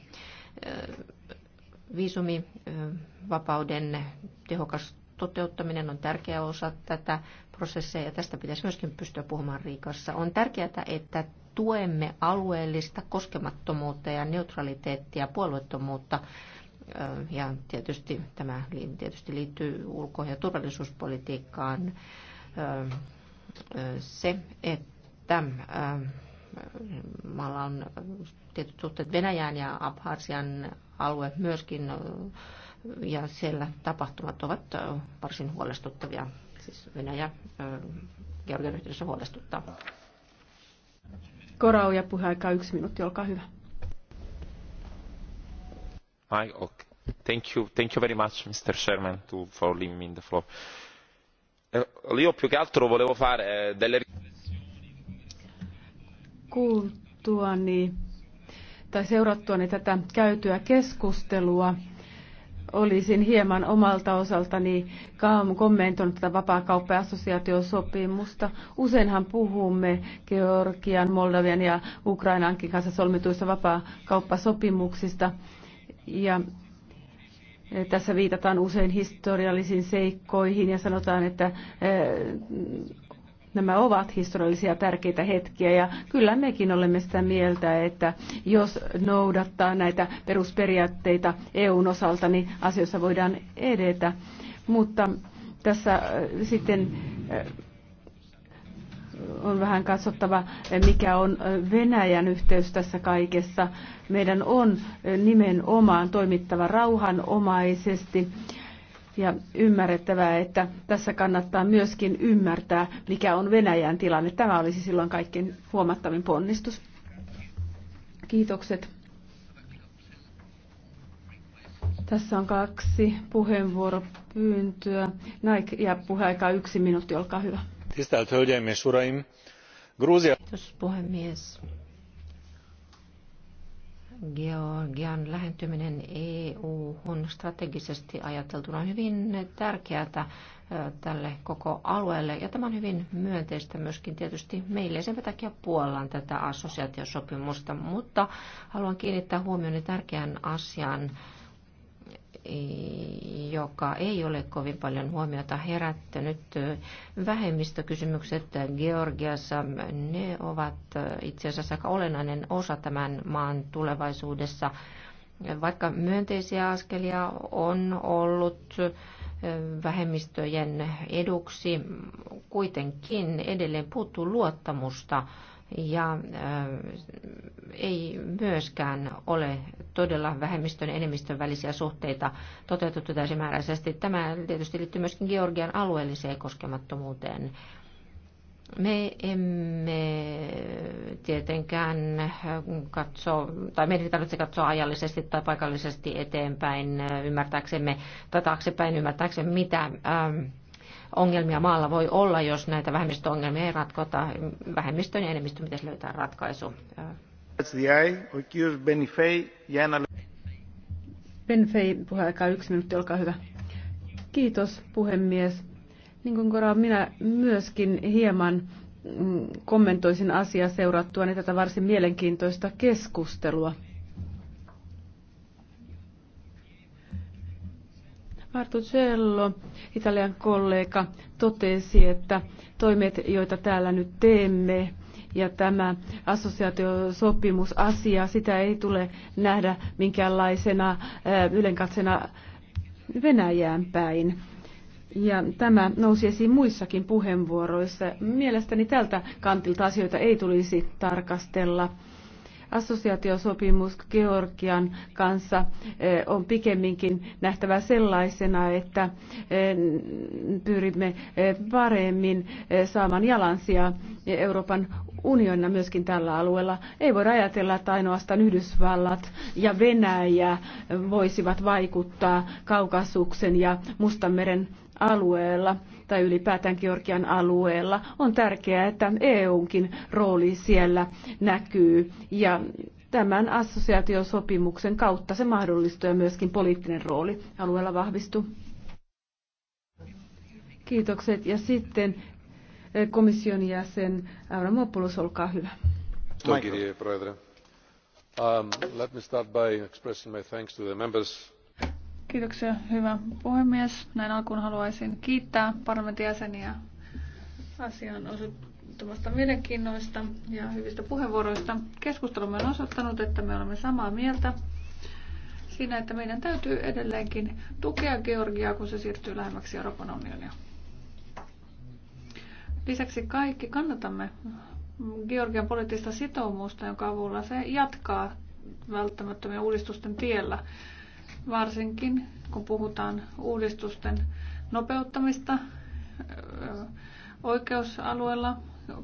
Viisumivapauden tehokas toteuttaminen on tärkeä osa tätä prosessia ja tästä pitäisi myöskin pystyä puhumaan Riikassa. On tärkeää, että tuemme alueellista koskemattomuutta ja neutraliteettia, puolueettomuutta ja tietysti tämä tietysti liittyy ulko- ja turvallisuuspolitiikkaan se, että maalla on tietyt suhteet Venäjään ja Abhasian alue myöskin ja siellä tapahtumat ovat varsin huolestuttavia. Siis Venäjä Georgian yhteydessä huolestuttaa. Korau ja puheaika yksi minuutti, olkaa hyvä. I, okay. Thank you, thank you very much Mr. Sherman to, for leaving me the floor. Eh, io più che altro volevo fare eh, delle... riflessioni. Kuultuani tai seurattuani tätä käytyä keskustelua olisin hieman omalta osaltani kommentoinut tätä vapaakauppa- ja assosiaatiosopimusta. Useinhan puhumme Georgian, Moldavian ja Ukrainankin kanssa solmituista vapaakauppasopimuksista. Ja e, tässä viitataan usein historiallisiin seikkoihin ja sanotaan, että e, Nämä ovat historiallisia tärkeitä hetkiä ja kyllä mekin olemme sitä mieltä, että jos noudattaa näitä perusperiaatteita EUn osalta, niin asioissa voidaan edetä. Mutta tässä äh, sitten äh, on vähän katsottava, äh, mikä on Venäjän yhteys tässä kaikessa. Meidän on nimenomaan toimittava rauhanomaisesti ja ymmärrettävää, että tässä kannattaa myöskin ymmärtää, mikä on Venäjän tilanne. Tämä olisi silloin kaikkein huomattavin ponnistus. Kiitokset. Tässä on kaksi puheenvuoropyyntöä. Näin ja puheaika yksi minuutti, olkaa hyvä. Tisztelt Hölgyeim és Uraim! Kiitos puhemies. Georgian lähentyminen EU-hun strategisesti ajateltuna on hyvin tärkeää tälle koko alueelle. Ja tämä on hyvin myönteistä myöskin tietysti meille. Sen takia puollaan tätä assosiaatiosopimusta, mutta haluan kiinnittää huomioon tärkeään asiaan Eh, joka ei ole kovin paljon huomiota herättänyt. Vähemmistökysymykset Georgiassa, ne ovat eh, itse asiassa aika olennainen osa tämän maan tulevaisuudessa. Vaikka myönteisiä askelia on ollut eh, vähemmistöjen eduksi, kuitenkin edelleen puuttuu luottamusta ja äh, ei myöskään ole todella vähemmistön ja enemmistön välisiä suhteita toteutettu täysimääräisesti. Tämä tietysti liittyy myöskin Georgian alueelliseen koskemattomuuteen. Me emme tietenkään katso, tai meidän tarvitse katsoa ajallisesti tai paikallisesti eteenpäin äh, ymmärtääksemme tai taaksepäin ymmärtääksemme, mitä ähm, ongelmia maalla voi olla, jos näitä vähemmistöongelmia ei ratkota. Vähemmistön ja enemmistön pitäisi löytää ratkaisu. Benfei, puheaikaa yksi minuutti, olkaa hyvä. Kiitos puhemies. Niin kuin Kora, minä myöskin hieman mm, kommentoisin asiaa seurattua tätä varsin mielenkiintoista keskustelua. Martucello, Italian kollega, totesi, että toimet, joita täällä nyt teemme, ja tämä assosiaatiosopimusasia, sitä ei tule nähdä minkäänlaisena äh, ylenkatsena Venäjään päin. Ja tämä nousi esiin muissakin puheenvuoroissa. Mielestäni tältä kantilta asioita ei tulisi tarkastella. Assosiaatiosopimus Georgian kanssa eh, on pikemminkin nähtävä sellaisena, että eh, pyrimme eh, paremmin saamaan jalansia Euroopan unionina myöskin tällä alueella. Ei voida ajatella, että ainoastaan Yhdysvallat ja Venäjä voisivat vaikuttaa Kaukasuksen ja Mustanmeren alueella tai ylipäätään Georgian alueella. On tärkeää, että EUnkin rooli siellä näkyy ja tämän assosiaatiosopimuksen kautta se mahdollistuu ja myöskin poliittinen rooli alueella vahvistuu. Kiitokset ja sitten eh, komission jäsen Avramopoulos, olkaa hyvä. Michael. Um, let me start by expressing my thanks to the members Kiitoksia, hyvä puhemies. Näin alkuun haluaisin kiittää parlamentin jäseniä asian osoittamasta mielenkiinnoista ja hyvistä puheenvuoroista. Keskustelumme on osoittanut, että me olemme samaa mieltä siinä, että meidän täytyy edelleenkin tukea Georgiaa, kun se siirtyy lähemmäksi Euroopan unionia. Lisäksi kaikki kannatamme Georgian poliittista sitoumusta, jonka avulla se jatkaa välttämättömiä uudistusten tiellä varsinkin kun puhutaan uudistusten nopeuttamista oikeusalueella,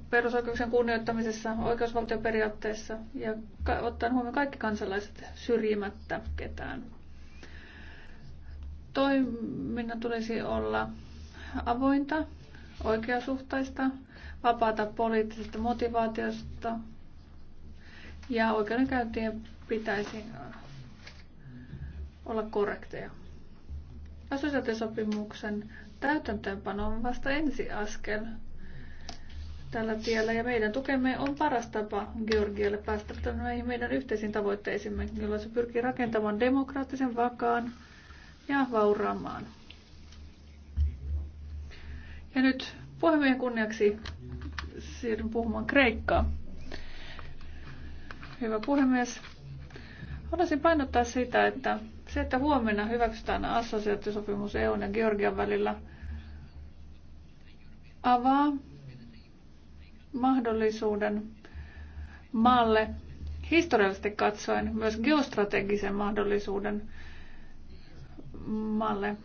perusoikeuksien kunnioittamisessa, oikeusvaltioperiaatteessa ja ottaen huomioon kaikki kansalaiset syrjimättä ketään. Toiminnan tulisi olla avointa, oikeasuhtaista, vapaata poliittisesta motivaatiosta ja oikeudenkäyntien pitäisi olla korrekteja. Assosiaatiosopimuksen täytäntöönpano on vasta ensiaskel tällä tiellä ja meidän tukemme on paras tapa Georgialle päästä näihin meidän yhteisiin tavoitteisimme, jolloin se pyrkii rakentamaan demokraattisen, vakaan ja vauraamaan. Ja nyt puhemiehen kunniaksi siirryn puhumaan Kreikkaa. Hyvä puhemies. Haluaisin painottaa sitä, että se, että huomenna hyväksytään assosiaatiosopimus EUn ja Georgian välillä, avaa mahdollisuuden maalle historiallisesti katsoen myös geostrategisen mahdollisuuden maalle,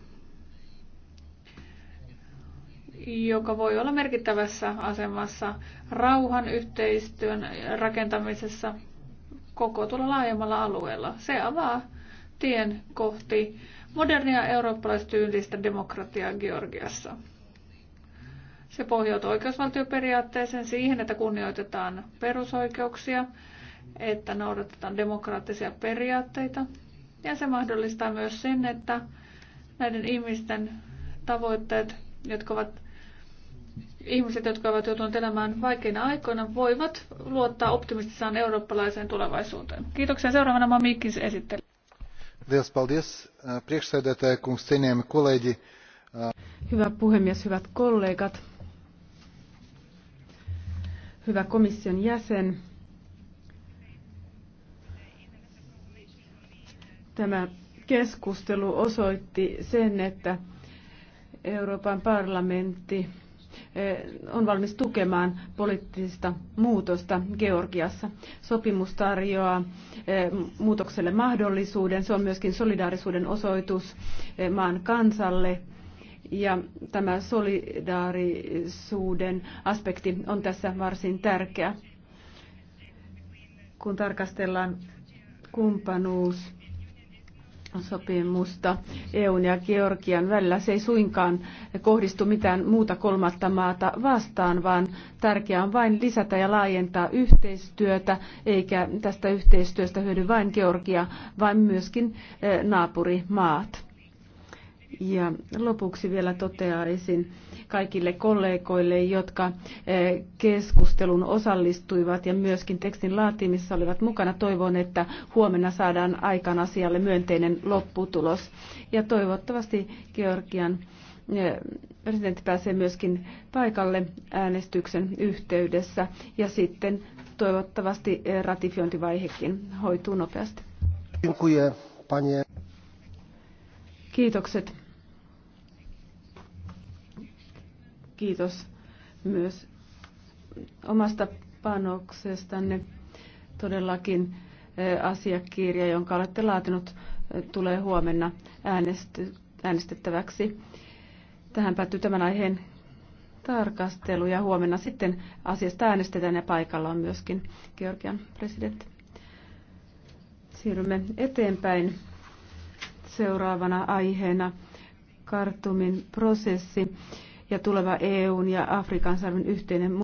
joka voi olla merkittävässä asemassa rauhan yhteistyön rakentamisessa koko tuolla laajemmalla alueella. Se avaa tien kohti modernia eurooppalaistyylistä demokratiaa Georgiassa. Se pohjautuu oikeusvaltioperiaatteeseen siihen, että kunnioitetaan perusoikeuksia, että noudatetaan demokraattisia periaatteita. Ja se mahdollistaa myös sen, että näiden ihmisten tavoitteet, jotka ovat ihmiset, jotka ovat joutuneet elämään vaikeina aikoina, voivat luottaa optimistisaan eurooppalaiseen tulevaisuuteen. Kiitoksia. Seuraavana Mamikkin esittely. Hyvä puhemies, hyvät kollegat, hyvä komission jäsen. Tämä keskustelu osoitti sen, että Euroopan parlamentti on valmis tukemaan poliittista muutosta Georgiassa. Sopimus tarjoaa eh, muutokselle mahdollisuuden. Se on myöskin solidaarisuuden osoitus eh, maan kansalle. Ja tämä solidaarisuuden aspekti on tässä varsin tärkeä, kun tarkastellaan kumppanuus sopimusta EUn ja Georgian välillä. Se ei suinkaan kohdistu mitään muuta kolmatta maata vastaan, vaan tärkeää on vain lisätä ja laajentaa yhteistyötä, eikä tästä yhteistyöstä hyödy vain Georgia, vaan myöskin eh, naapurimaat. Ja lopuksi vielä toteaisin kaikille kollegoille, jotka eh, keskustelun osallistuivat ja myöskin tekstin laatimissa olivat mukana. Toivon, että huomenna saadaan aikaan asialle myönteinen lopputulos. Ja toivottavasti Georgian eh, presidentti pääsee myöskin paikalle äänestyksen yhteydessä ja sitten toivottavasti eh, ratifiointivaihekin hoituu nopeasti. Dziękuję, panie. Kiitokset. Kiitos myös omasta panoksestanne. Todellakin e, asiakirja, jonka olette laatinut, e, tulee huomenna äänestettäväksi. Tähän päättyy tämän aiheen tarkastelu ja huomenna sitten asiasta äänestetään ja paikalla on myöskin Georgian presidentti. Siirrymme eteenpäin seuraavana aiheena Kartumin prosessi ja tuleva EUn ja Afrikan sarven yhteinen